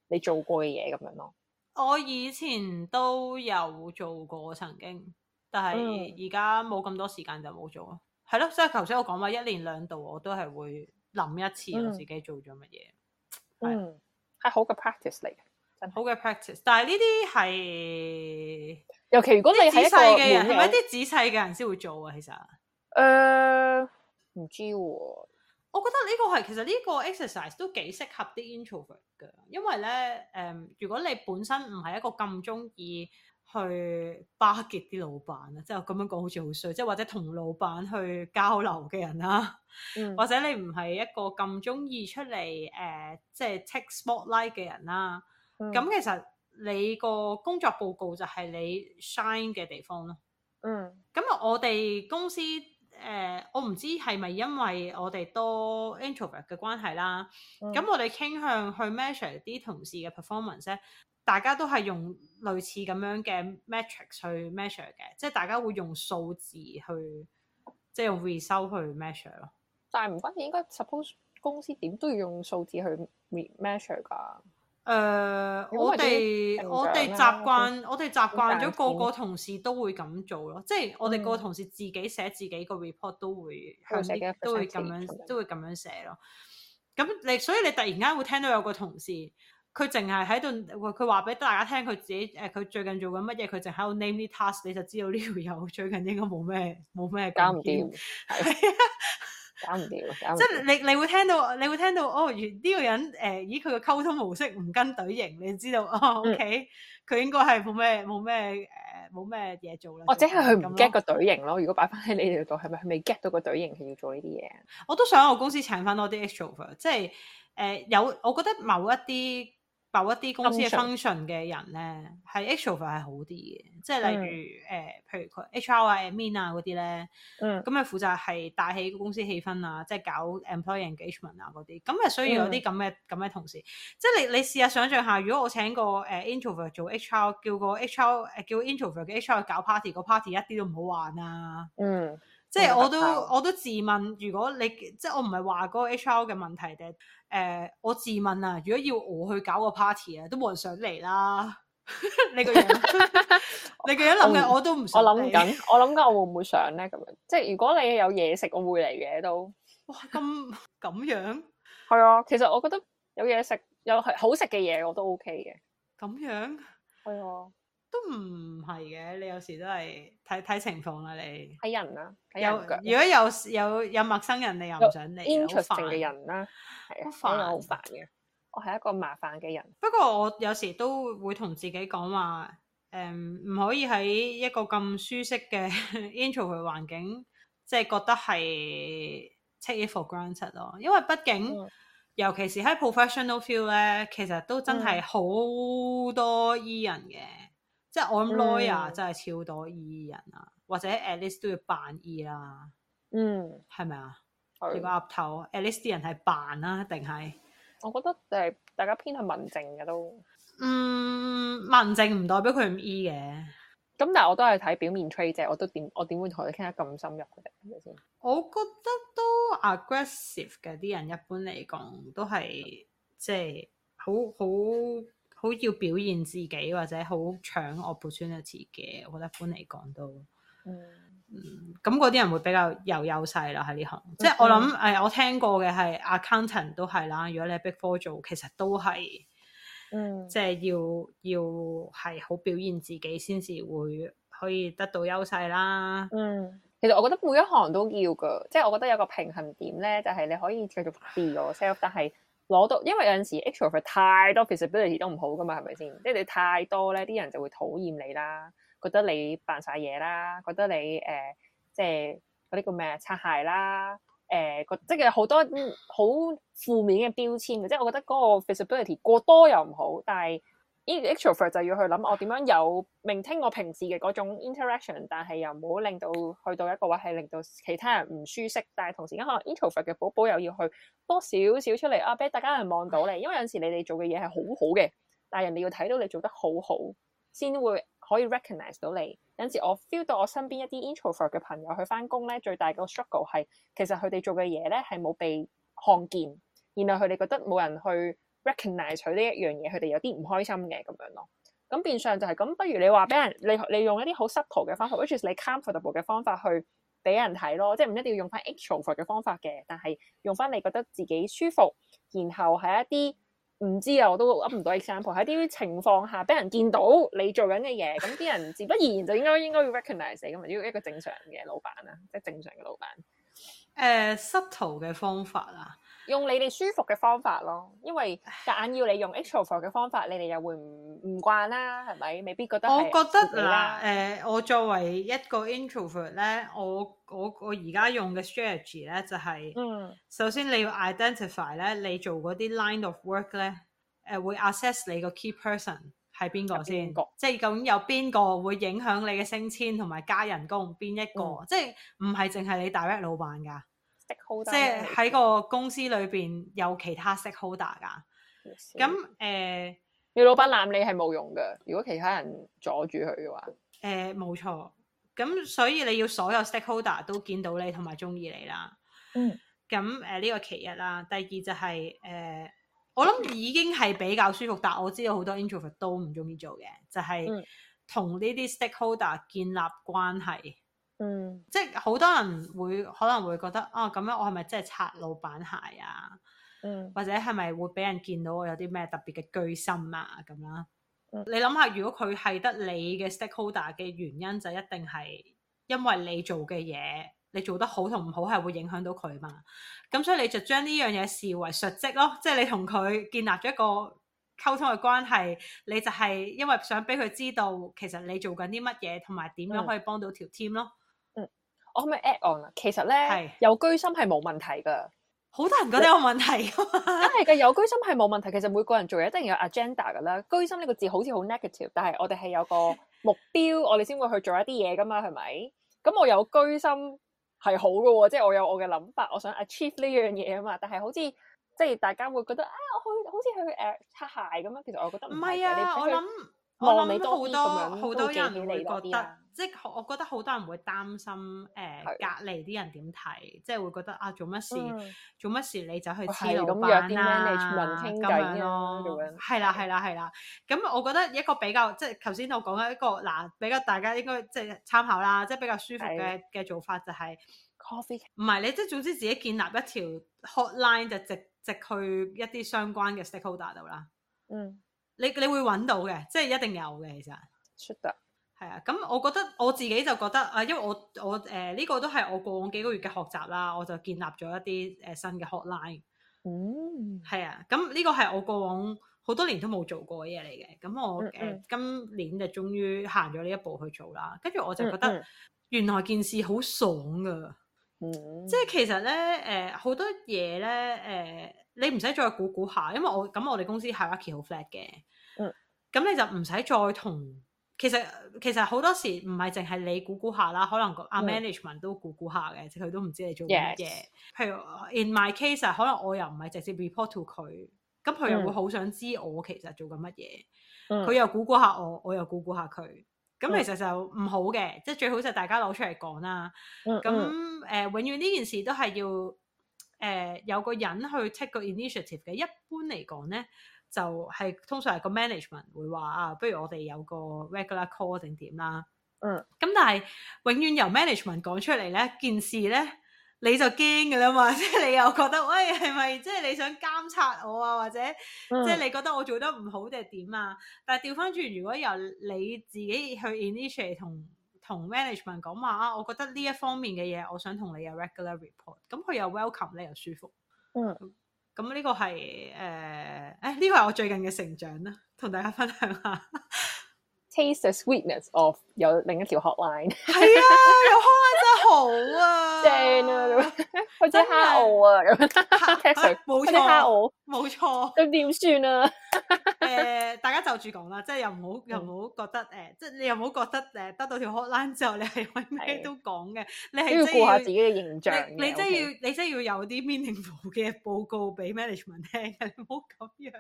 你做過嘅嘢咁樣咯。我以前都有做過，曾經，但係而家冇咁多時間就冇做咯。係咯，即係頭先我講話一年兩度，我都係會諗一次，我、嗯、自己做咗乜嘢，係係、嗯、好嘅 practice 嚟嘅，真係好嘅 practice。但係呢啲係，尤其如果你仔細嘅人，係咪啲仔細嘅人先會做啊？其實，誒、呃，唔知喎、啊。我覺得呢個係其實呢個 exercise 都幾適合啲 introvert 嘅，因為咧，誒、嗯，如果你本身唔係一個咁中意。去巴結啲老闆啊，即係我咁樣講好似好衰，即係或者同老闆去交流嘅人啦，嗯、或者你唔係一個咁中意出嚟誒，即、uh, 係 take spotlight 嘅人啦，咁、嗯、其實你個工作報告就係你 shine 嘅地方咯。嗯，咁啊，我哋公司誒，uh, 我唔知係咪因為我哋多 introvert 嘅關係啦，咁、嗯、我哋傾向去 measure 啲同事嘅 performance 咧。大家都係用類似咁樣嘅 metrics 去 measure 嘅，即係大家會用數字去，即係用 r e s 回收去 measure 咯。但係唔關事，應該 suppose 公司點都要用數字去 measure 噶。誒，我哋我哋習慣，我哋習慣咗個個同事都會咁做咯。即係我哋個同事自己寫自己個 report 都會向，嗯、都會咁樣，都會咁樣寫咯。咁麼你所以你，所以你突然間會聽到有個同事。佢淨係喺度，佢話俾大家聽佢自己誒，佢最近做緊乜嘢？佢淨喺度 name 啲 task，你就知道呢條友最近應該冇咩冇咩搞唔掂，係啊，搞唔掂，即係 (laughs) (laughs) 你你會聽到你會聽到哦，呢、這個人誒以佢個溝通模式唔跟隊形，你知道哦，OK，佢、嗯、應該係冇咩冇咩誒冇咩嘢做啦。或者係佢唔 get 個隊形咯？如果擺翻喺你條度，係咪佢未 get 到個隊形？佢要做呢啲嘢？ (laughs) 我都想我公司請翻多啲 extrovert，即係誒有，我覺得某一啲。某一啲公司嘅 function 嘅人咧，係 extrovert 係好啲嘅，即係例如誒、嗯呃，譬如佢 H R 啊、admin 啊嗰啲咧，咁啊、嗯、負責係帶起公司氣氛啊，即係搞 employee、er、engagement 啊嗰啲，咁啊需要有啲咁嘅咁嘅同事。即係你你試下想像下，如果我請個誒、uh, introvert 做 H R，叫個 H R 誒叫 introvert 嘅 H R 去搞 party，個 party 一啲都唔好玩啊！嗯。即係我都我都自問，如果你即係我唔係話嗰個 H R 嘅問題嘅，誒，我自問啊，如果要我去搞個 party 啊，都冇人想嚟啦。你個樣你個樣諗嘅，我都唔我諗緊，我諗緊我會唔會想咧？咁樣，即係如果你有嘢食，我會嚟嘅都。哇，咁咁樣？係啊，其實我覺得有嘢食有係好食嘅嘢，我都 O K 嘅。咁樣係啊。都唔係嘅，你有時都係睇睇情況啦、啊。你睇人啦、啊，有如果有有有陌生人，你又唔想嚟，好有煩嘅人啦，好煩啊，好煩嘅。我係一個麻煩嘅人，不過我有時都會同自己講話，誒、嗯、唔可以喺一個咁舒適嘅 intro 嘅環境，即係覺得係 take it for granted 咯。因為畢竟，嗯、尤其是喺 professional field 咧，其實都真係好多 E 人嘅。即係我諗 lawyer 啊，真係超多 E 人啊，或者 at least 都要扮 E 啦，嗯，係咪吧的啊？如果鴨頭 at least 啲人係扮啦，定係我覺得誒、呃，大家偏向文靜嘅都嗯，文靜唔代表佢唔 E 嘅咁、嗯，但係我都係睇表面吹啫，我都點我點會同你傾得咁深入嘅？我覺得都 aggressive 嘅啲人，一般嚟講都係即係好好。好要表現自己或者好搶我本身嘅自己。我覺得一般嚟講都，嗯，咁嗰啲人會比較有優勢啦喺呢行，嗯、即係我諗，誒、哎，我聽過嘅係 accountant an 都係啦，如果你係 Big Four 做，其實都係，嗯，即係要要係好表現自己先至會可以得到優勢啦。嗯，其實我覺得每一行都要噶，即係我覺得有個平衡點咧，就係、是、你可以繼續 be yourself，但係。攞到，因為有陣時 extra 太多 visibility 都唔好㗎嘛，係咪先？即係你太多咧，啲人就會討厭你啦，覺得你扮晒嘢啦，覺得你誒、呃，即係嗰啲叫咩擦鞋啦，誒、呃，即係好多好、嗯、負面嘅標籤嘅，即係我覺得嗰個 visibility 過多又唔好，但係。Introvert 就要去諗我點樣 maintain 我平時嘅嗰種 interaction，但係又唔好令到去到一個位係令到其他人唔舒適。但係同時間可能 introvert 嘅寶寶又要去多少少出嚟啊，俾大家人望到你。因為有陣時你哋做嘅嘢係好好嘅，但係人哋要睇到你做得好好先會可以 recognize 到你。有陣時我 feel 到我身邊一啲 introvert 嘅朋友去翻工咧，最大嘅 struggle 係其實佢哋做嘅嘢咧係冇被看見，然後佢哋覺得冇人去 recognize 佢呢一樣嘢，佢哋有啲唔開心嘅咁樣咯。咁變相就係、是、咁，不如你話俾人，你你用一啲好 subtle 嘅方法，which is 你 comfortable 嘅方法去俾人睇咯，即係唔一定要用翻 extra 嘅方法嘅。但係用翻你覺得自己舒服，然後係一啲唔知啊，我都諗唔到 example 喺啲情況下俾人見到你做緊嘅嘢，咁啲 (laughs) 人自不然就應該應該要 recognize 咁嘛，要一個正常嘅老闆啊，即係正常嘅老闆，誒 subtle 嘅方法啊。用你哋舒服嘅方法咯，因為夾硬要你用 extrovert 嘅方法，你哋又會唔唔慣啦，係咪？未必覺得。我覺得誒、呃，我作為一個 introvert 咧，我我我而家用嘅 strategy 咧就係、是，嗯、首先你要 identify 咧，你做嗰啲 line of work 咧，誒、呃、會 assess 你個 key person 係邊個先，誰即係咁有邊個會影響你嘅升遷同埋加人工，邊一個？嗯、即係唔係淨係你 direct 老闆噶？即係喺個公司裏邊有其他 stakeholder 噶，咁誒，你老闆攬你係冇用噶，如果其他人阻住佢嘅話，誒、呃，冇錯，咁所以你要所有 stakeholder 都見到你同埋中意你啦，嗯，咁誒呢個其一啦，第二就係、是、誒、呃，我諗已經係比較舒服，但我知道好多 introvert 都唔中意做嘅，就係、是、同呢啲 stakeholder 建立關係。嗯，即係好多人會可能會覺得啊，哦，咁樣我係咪真係擦老闆鞋啊？嗯，或者係咪會俾人見到我有啲咩特別嘅居心啊？咁啦，你諗下，如果佢係得你嘅 stakeholder 嘅原因，就一定係因為你做嘅嘢，你做得好同唔好係會影響到佢嘛。咁所以你就將呢樣嘢視為述職咯，即係你同佢建立咗一個溝通嘅關係，你就係因為想俾佢知道，其實你做緊啲乜嘢，同埋點樣可以幫到條 team 咯。嗯我可唔可以 add on 啦，其實咧是有居心係冇問題噶，好 (laughs) 多人覺得有問題，真係嘅有居心係冇問題。其實每個人做嘢一定有 agenda 噶啦，居心呢個字好似好 negative，但係我哋係有個目標， (laughs) 我哋先會去做一啲嘢噶嘛，係咪？咁我有居心係好噶喎，即、就、係、是、我有我嘅諗法，我想 achieve 呢樣嘢啊嘛。但係好似即係大家會覺得啊，我去好似去誒擦鞋咁樣，其實我覺得唔係啊，你我諗。我諗都好多好多人會覺得，的即係我覺得好多人會擔心誒、呃、的隔籬啲人點睇，即係會覺得啊做乜事、嗯、做乜事你就去黐老闆啦、啊，咁樣傾偈咯，咁樣、啊。係啦係啦係啦，咁的我覺得一個比較即係頭先我講緊一個嗱比較大家應該即係參考啦，即係比較舒服嘅嘅的做法就係、是、coffee。唔係你即係總之自己建立一條 hotline 就直直去一啲相關嘅 stakeholder 度啦。嗯。你你會揾到嘅，即係一定有嘅，其實。出得的。係啊，咁我覺得我自己就覺得啊，因為我我誒呢、呃這個都係我過往幾個月嘅學習啦，我就建立咗一啲誒、呃、新嘅 hotline。哦、嗯。係啊，咁呢個係我過往好多年都冇做過嘅嘢嚟嘅，咁我誒、呃、今年就終於行咗呢一步去做啦。跟住我就覺得、嗯、原來件事好爽㗎。嗯、即係其實咧誒好多嘢咧誒。呃你唔使再估估下，因為我咁我哋公司係 hierarchy，好 flat 嘅。嗯。咁你就唔使再同，其實其實好多時唔係淨係你估估下啦，可能阿、嗯啊、management 都估估下嘅，即佢都唔知你做乜嘢。嗯、譬如 in my case，可能我又唔係直接 report to 佢，咁佢又會好想知我其實做緊乜嘢。佢、嗯、又估估下我，我又估估下佢。咁其實就唔好嘅，嗯、即係最好就大家攞出嚟講啦嗯。嗯。咁誒，永遠呢件事都係要。誒、呃、有個人去 take 個 initiative 嘅，一般嚟講咧，就係、是、通常係個 management 會話啊，不如我哋有個 regular call 定點啦。嗯、uh。咁但係永遠由 management 講出嚟咧，件事咧你就驚㗎啦嘛，即 (laughs) 係你又覺得喂，係咪即係你想監察我啊，或者即係、uh, 你覺得我做得唔好定係點啊？但係調翻轉，如果由你自己去 initiate 同。同 management 講話啊，我覺得呢一方面嘅嘢，我想同你有 regular report，咁佢又 welcome 咧，你又舒服。嗯。咁呢個係誒誒，呢個係我最近嘅成長啦，同大家分享下。 (laughs) Taste the sweetness of 有另一條 hotline 係啊，有開得好啊，正啊，或者蝦我啊，咁樣蝦 tester 冇錯，蝦我，冇錯，咁點算啊？誒，大家就住講啦，即係又唔好，又唔好覺得誒，即係你又唔好覺得誒，得到條 hotline 之後，你係咩都講嘅，你係要顧下自己嘅形象，你真係要，你真係要有啲 meaningful 嘅報告俾 management 聽，你唔好咁樣，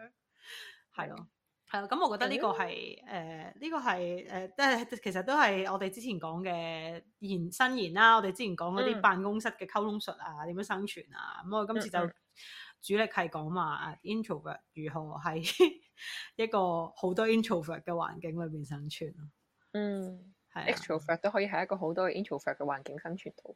係咯。誒咁，嗯、我覺得呢個係誒呢個係誒，即、呃、係其實都係我哋之前講嘅延伸言啦。我哋之前講嗰啲辦公室嘅溝通術啊，點樣生存啊。咁、嗯嗯嗯嗯嗯、我今次就主力係講話 introvert 如何喺一個好多 introvert 嘅環境裏面生存咯。嗯，係、啊、extrovert 都可以喺一個好多 introvert 嘅環境生存到。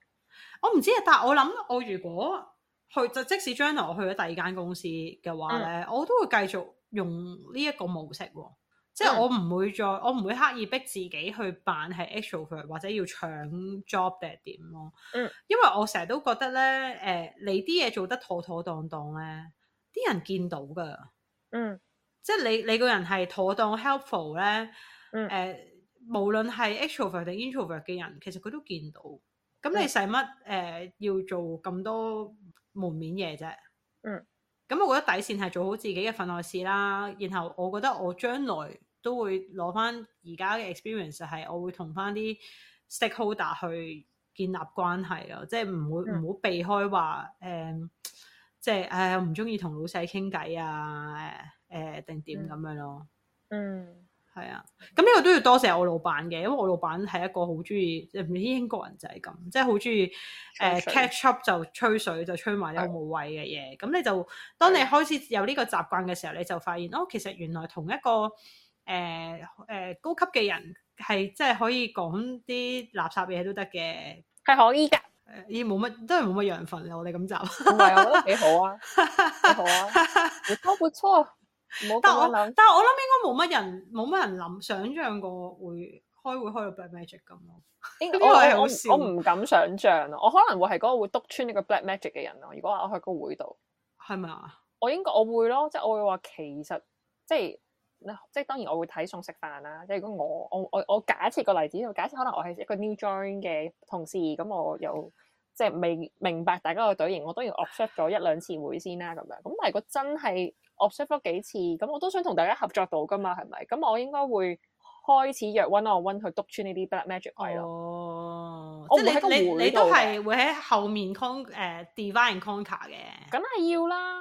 我唔知啊，但係我諗，我如果去就即使將來我去咗第二間公司嘅話咧，嗯、我都會繼續。用呢一個模式、哦，即係、mm. 我唔會再，我唔會刻意逼自己去扮係 extrovert 或者要搶 job 定點咯。嗯，mm. 因為我成日都覺得咧，誒、呃、你啲嘢做得妥妥當當咧，啲人見到噶。嗯、mm.，即係你你個人係妥當 helpful 咧，誒、mm. 呃、無論係 extrovert int 定 introvert 嘅人，其實佢都見到。咁你使乜誒要做咁多門面嘢啫？嗯。Mm. 咁我覺得底線係做好自己嘅份內事啦，然後我覺得我將來都會攞翻而家嘅 experience 係，我會同翻啲 stakeholder 去建立關係咯，即係唔會唔好、嗯、避開話誒、呃，即係誒唔中意同老細傾偈啊誒定點咁樣咯、嗯。嗯。係啊，咁呢個都要多謝我老闆嘅，因為我老闆係一個好中意，唔知英國人就係咁，即係好中意誒 catch up 就吹水就吹埋有冇謂嘅嘢。咁、嗯、你就當你開始有呢個習慣嘅時候，你就發現哦，哦，其實原來同一個誒誒、呃呃、高級嘅人係即係可以講啲垃圾嘢都得嘅，係可以噶。咦，冇乜真係冇乜養分嘅，我哋咁就唔係，我覺得幾好啊，幾好啊，不錯不錯。但係我諗，但係我諗應該冇乜人，冇乜人諗想象過會開會開到 black magic 咁咯。呢個係好笑，我 (laughs) 我，我唔敢想象啊！ (laughs) 我可能會係嗰個會督穿呢個 black magic 嘅人咯。如果話我去個會度，係咪啊？我應該我會咯，即係我會話其實即係，即係當然我會睇餸食飯啦。即係如果我我我我假設個例子，假設可能我係一個 new join 嘅同事，咁我有即係未明白大家個隊形，我當然 observe 咗一兩次會先啦咁樣。咁但係如果真係，我 shift 咗幾次，咁我都想同大家合作到噶嘛，係咪？咁我應該會開始約 one on one 去篤穿呢啲 black magic 係咯。哦、即係你你你都係會喺後面 con 誒、uh, divine con e 卡嘅。梗係要啦。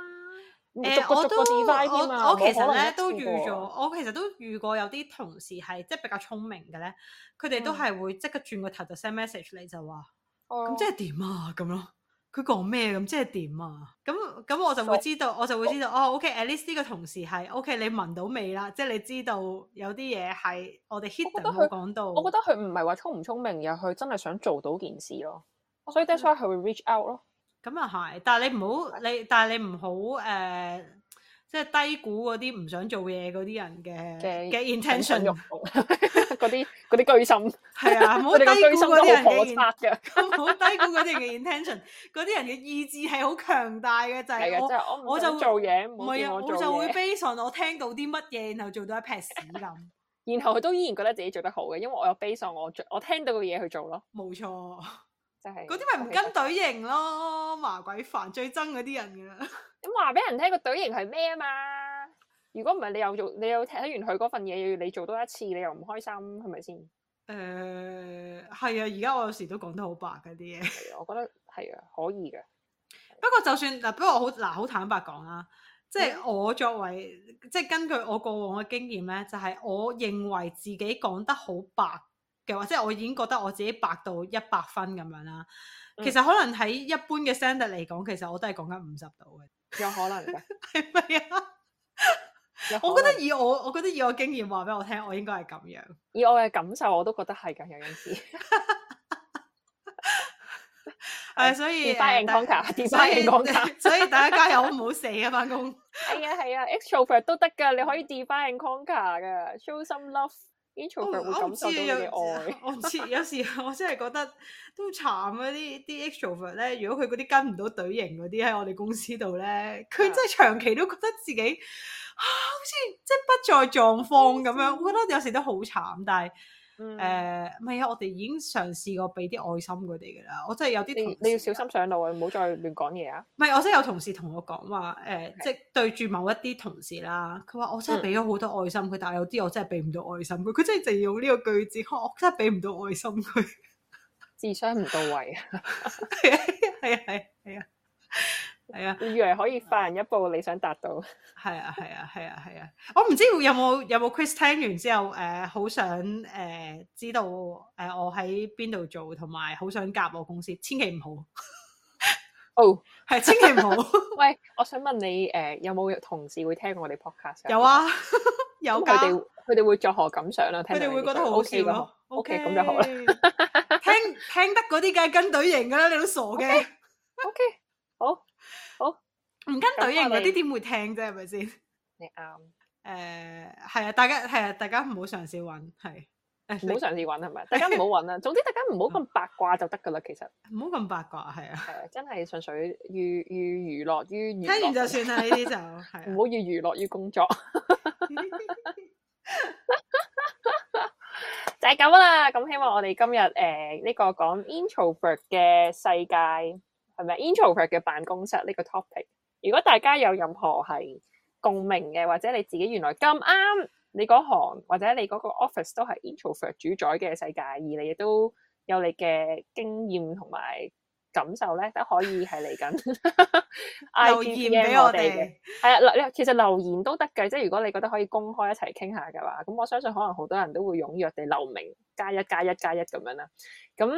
誒、啊欸，我都我我其實咧都預咗，我其實都遇過有啲同事係即係比較聰明嘅咧，佢哋都係會即刻轉個頭就 send message 你就話，咁、嗯、即係點啊？咁咯。佢講咩咁？即係點啊？咁咁我就會知道，so, 我就會知道 so, 哦。OK，At least 呢個同事係 OK，你聞到味啦，即係你知道有啲嘢係我哋 hit 到佢講到。我覺得佢唔係話聰唔聰明，而佢真係想做到件事咯。所以 that's why 佢會 reach out 咯。咁又係，但係你唔好、嗯、你，但係你唔好誒，uh, 即係低估嗰啲唔想做嘢嗰啲人嘅嘅 intention。用的。int (laughs) 嗰啲啲居心，係啊，好低估嗰啲人嘅，咁唔好低估嗰啲人嘅 intention，嗰啲人嘅意志係好強大嘅，就係我就做嘢，唔係啊，我就會悲 a 我聽到啲乜嘢，然後做到一撇屎咁。然後佢都依然覺得自己做得好嘅，因為我有悲 a 我我聽到嘅嘢去做咯。冇錯，就係嗰啲咪唔跟隊形咯，麻鬼煩最憎嗰啲人嘅，咁話俾人睇個隊形係咩啊嘛。如果唔係你又做，你又睇得完佢嗰份嘢，要你做多一次，你又唔開心，係咪先？誒係、呃、啊！而家我有時都講得好白嗰啲嘢， (laughs) 啊，我覺得係啊，可以嘅。啊、不過就算嗱，不過我好嗱，好、啊、坦白講啦，即係我作為即係根據我過往嘅經驗咧，就係、是、我認為自己講得好白嘅，或者我已經覺得我自己白到一百分咁樣啦。嗯、其實可能喺一般嘅 sender 嚟講，其實我都係講緊五十度嘅，有可能嘅，係咪 (laughs) 是啊？ (laughs) 我覺得以我，我覺得以我經驗話俾我聽，我應該係咁樣。以我嘅感受，我都覺得係咁有陣時。誒，所以。define conga，define conga。所以， (laughs) 所以大家加油，唔好死啊！翻工。係 (laughs) 啊係啊，extrovert 都得噶，你可以 define conga 噶，show some love Int。introvert 會感受到嘅愛。 (laughs) 我唔知，有，有時我真係覺得都慘啊！啲啲 extrovert 咧，如果佢嗰啲跟唔到隊形嗰啲喺我哋公司度咧，佢真係長期都覺得自己。啊，好似即係不在狀況咁樣，嗯、我覺得有時都好慘。但係誒，唔係啊，我哋已經嘗試過俾啲愛心佢哋噶啦。我真係有啲你，你要小心上路啊，唔好再亂講嘢啊。唔係，我真係有同事同我講話，誒、呃，Okay. 即係對住某一啲同事啦。佢話我真係俾咗好多愛心佢，嗯、但係有啲我真係俾唔到愛心佢。佢真係淨係用呢個句子，我真係俾唔到愛心佢。智 (laughs) 商唔到位啊！係啊係啊係啊！係啊，以為可以快人一步，你想達到？係啊，係啊，係啊，係啊！我唔知有冇有冇 Chris 聽完之後誒，好想誒知道誒，我喺邊度做，同埋好想夾我公司，千祈唔好。哦，係千祈唔好。喂，我想問你誒，有冇同事會聽我哋 podcast？有啊，有噶。佢哋佢哋會作何感想啊？佢哋會覺得好好笑咯。OK，咁就好啦。聽聽得嗰啲梗係跟隊型噶啦，你都傻嘅。OK，好。唔跟隊型嗰啲點會聽啫？係咪先？你啱誒，係啊！大家係啊！大家唔好嘗試揾係唔好嘗試揾係咪？大家唔好揾啦。總之大家唔好咁八卦就得㗎啦。其實唔好咁八卦，係啊，係真係純粹娛娛娛樂於娛樂，聽完就算啦。呢啲就係唔好，要娛樂於工作，就係咁啦。咁希望我哋今日誒呢個講 introvert 嘅世界，係咪 introvert 嘅辦公室呢個 topic？如果大家有任何係共鳴嘅，或者你自己原來咁啱你嗰行，或者你嗰個 office 都係 introvert 主宰嘅世界，而你亦都有你嘅經驗同埋感受咧，都可以係嚟緊留言俾我哋嘅，係啊，嗱，其實留言都得嘅，即係如果你覺得可以公開一齊傾下嘅話，咁我相信可能好多人都會踴躍地留名，加一加一加一咁樣啦。咁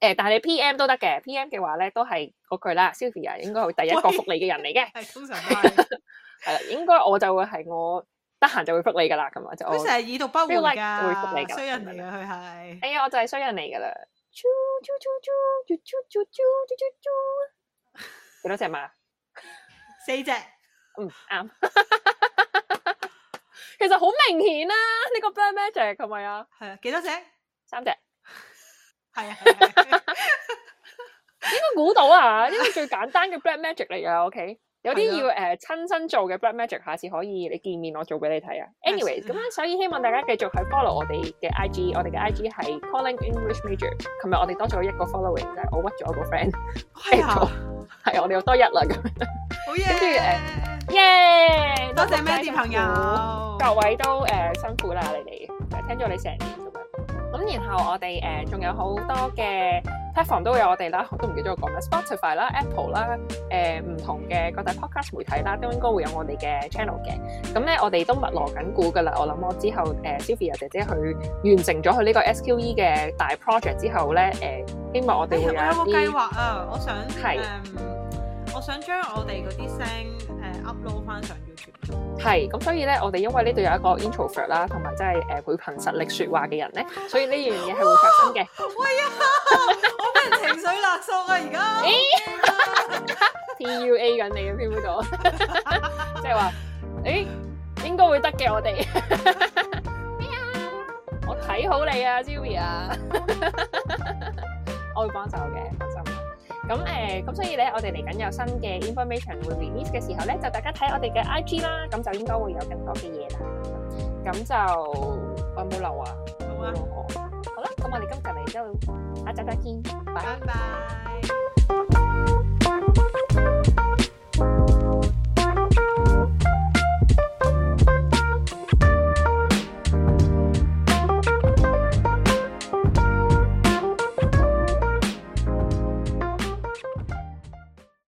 誒，但係你 PM 都得嘅，PM 嘅話咧都係嗰句啦，Sylvia (music) 應該會第一個覆你嘅人嚟嘅，係喂 (laughs) 通常都係，係啦，應該我就會係我得閒就會覆你噶啦，咁啊就我我，佢成日耳朵包糊噶，會覆你嘅，衰人嚟嘅佢係，哎呀、欸，我就係衰人嚟噶啦，啾幾多隻嘛？四隻隻， (laughs) 嗯啱。對 (laughs) 其實好明顯啦、啊，呢、這個 Black Magic 係咪啊？係，幾多隻？三隻。係啊，應該估到啊，因為最簡單嘅 black magic 嚟噶，OK 有。有啲要誒親身做嘅 black magic 下次，可以。你見面我做俾你睇啊。Anyways，咁、嗯、樣，所以希望大家繼續去 follow 我哋嘅 IG，我哋嘅 IG 係 Calling English Major。琴日我哋多咗一個 following，就係我屈咗我個 friend、哎呀。係啊， (laughs) 係我哋又多一啦咁。樣好耶！跟住誒，耶、嗯！Yeah! 多謝咩接朋友，各位都誒、呃、辛苦啦，你哋聽咗你成年。咁然後我哋誒仲有好多嘅 platform 都有我哋啦，都唔記得我講咩，Spotify 啦、Apple 啦，誒、呃、唔同嘅各大 podcast 媒體啦，都應該會有我哋嘅 channel 嘅。咁、嗯、咧，我哋都密鑼緊鼓㗎啦。我諗我之後誒、呃、Sylvia 姐姐去完成咗佢呢個 SQE 嘅大 project 之後咧，誒希望我哋會有啲、哎、我有冇計劃啊？我想係。我想將我哋嗰啲聲誒 upload 翻上 YouTube。係，咁所以咧，我哋因為呢度有一個 introvert 啦，同埋即係誒會憑實力說話嘅人咧，所以呢樣嘢係會發生嘅。喂呀，我俾人情緒勒索啊！而家 TUA 緊你啊，Piko，即係話誒，應該會得嘅，我哋。咩啊？我睇好你啊，Zhouya，我會幫手嘅，放心。咁誒，咁、呃、所以咧，我哋嚟緊有新嘅 information 會 release 嘅時候咧，就大家睇我哋嘅 IG 啦，咁就應該會有更多嘅嘢啦。咁就我有冇漏啊？漏，好啦，咁我哋今集嚟到，下集再見，拜拜。Bye bye。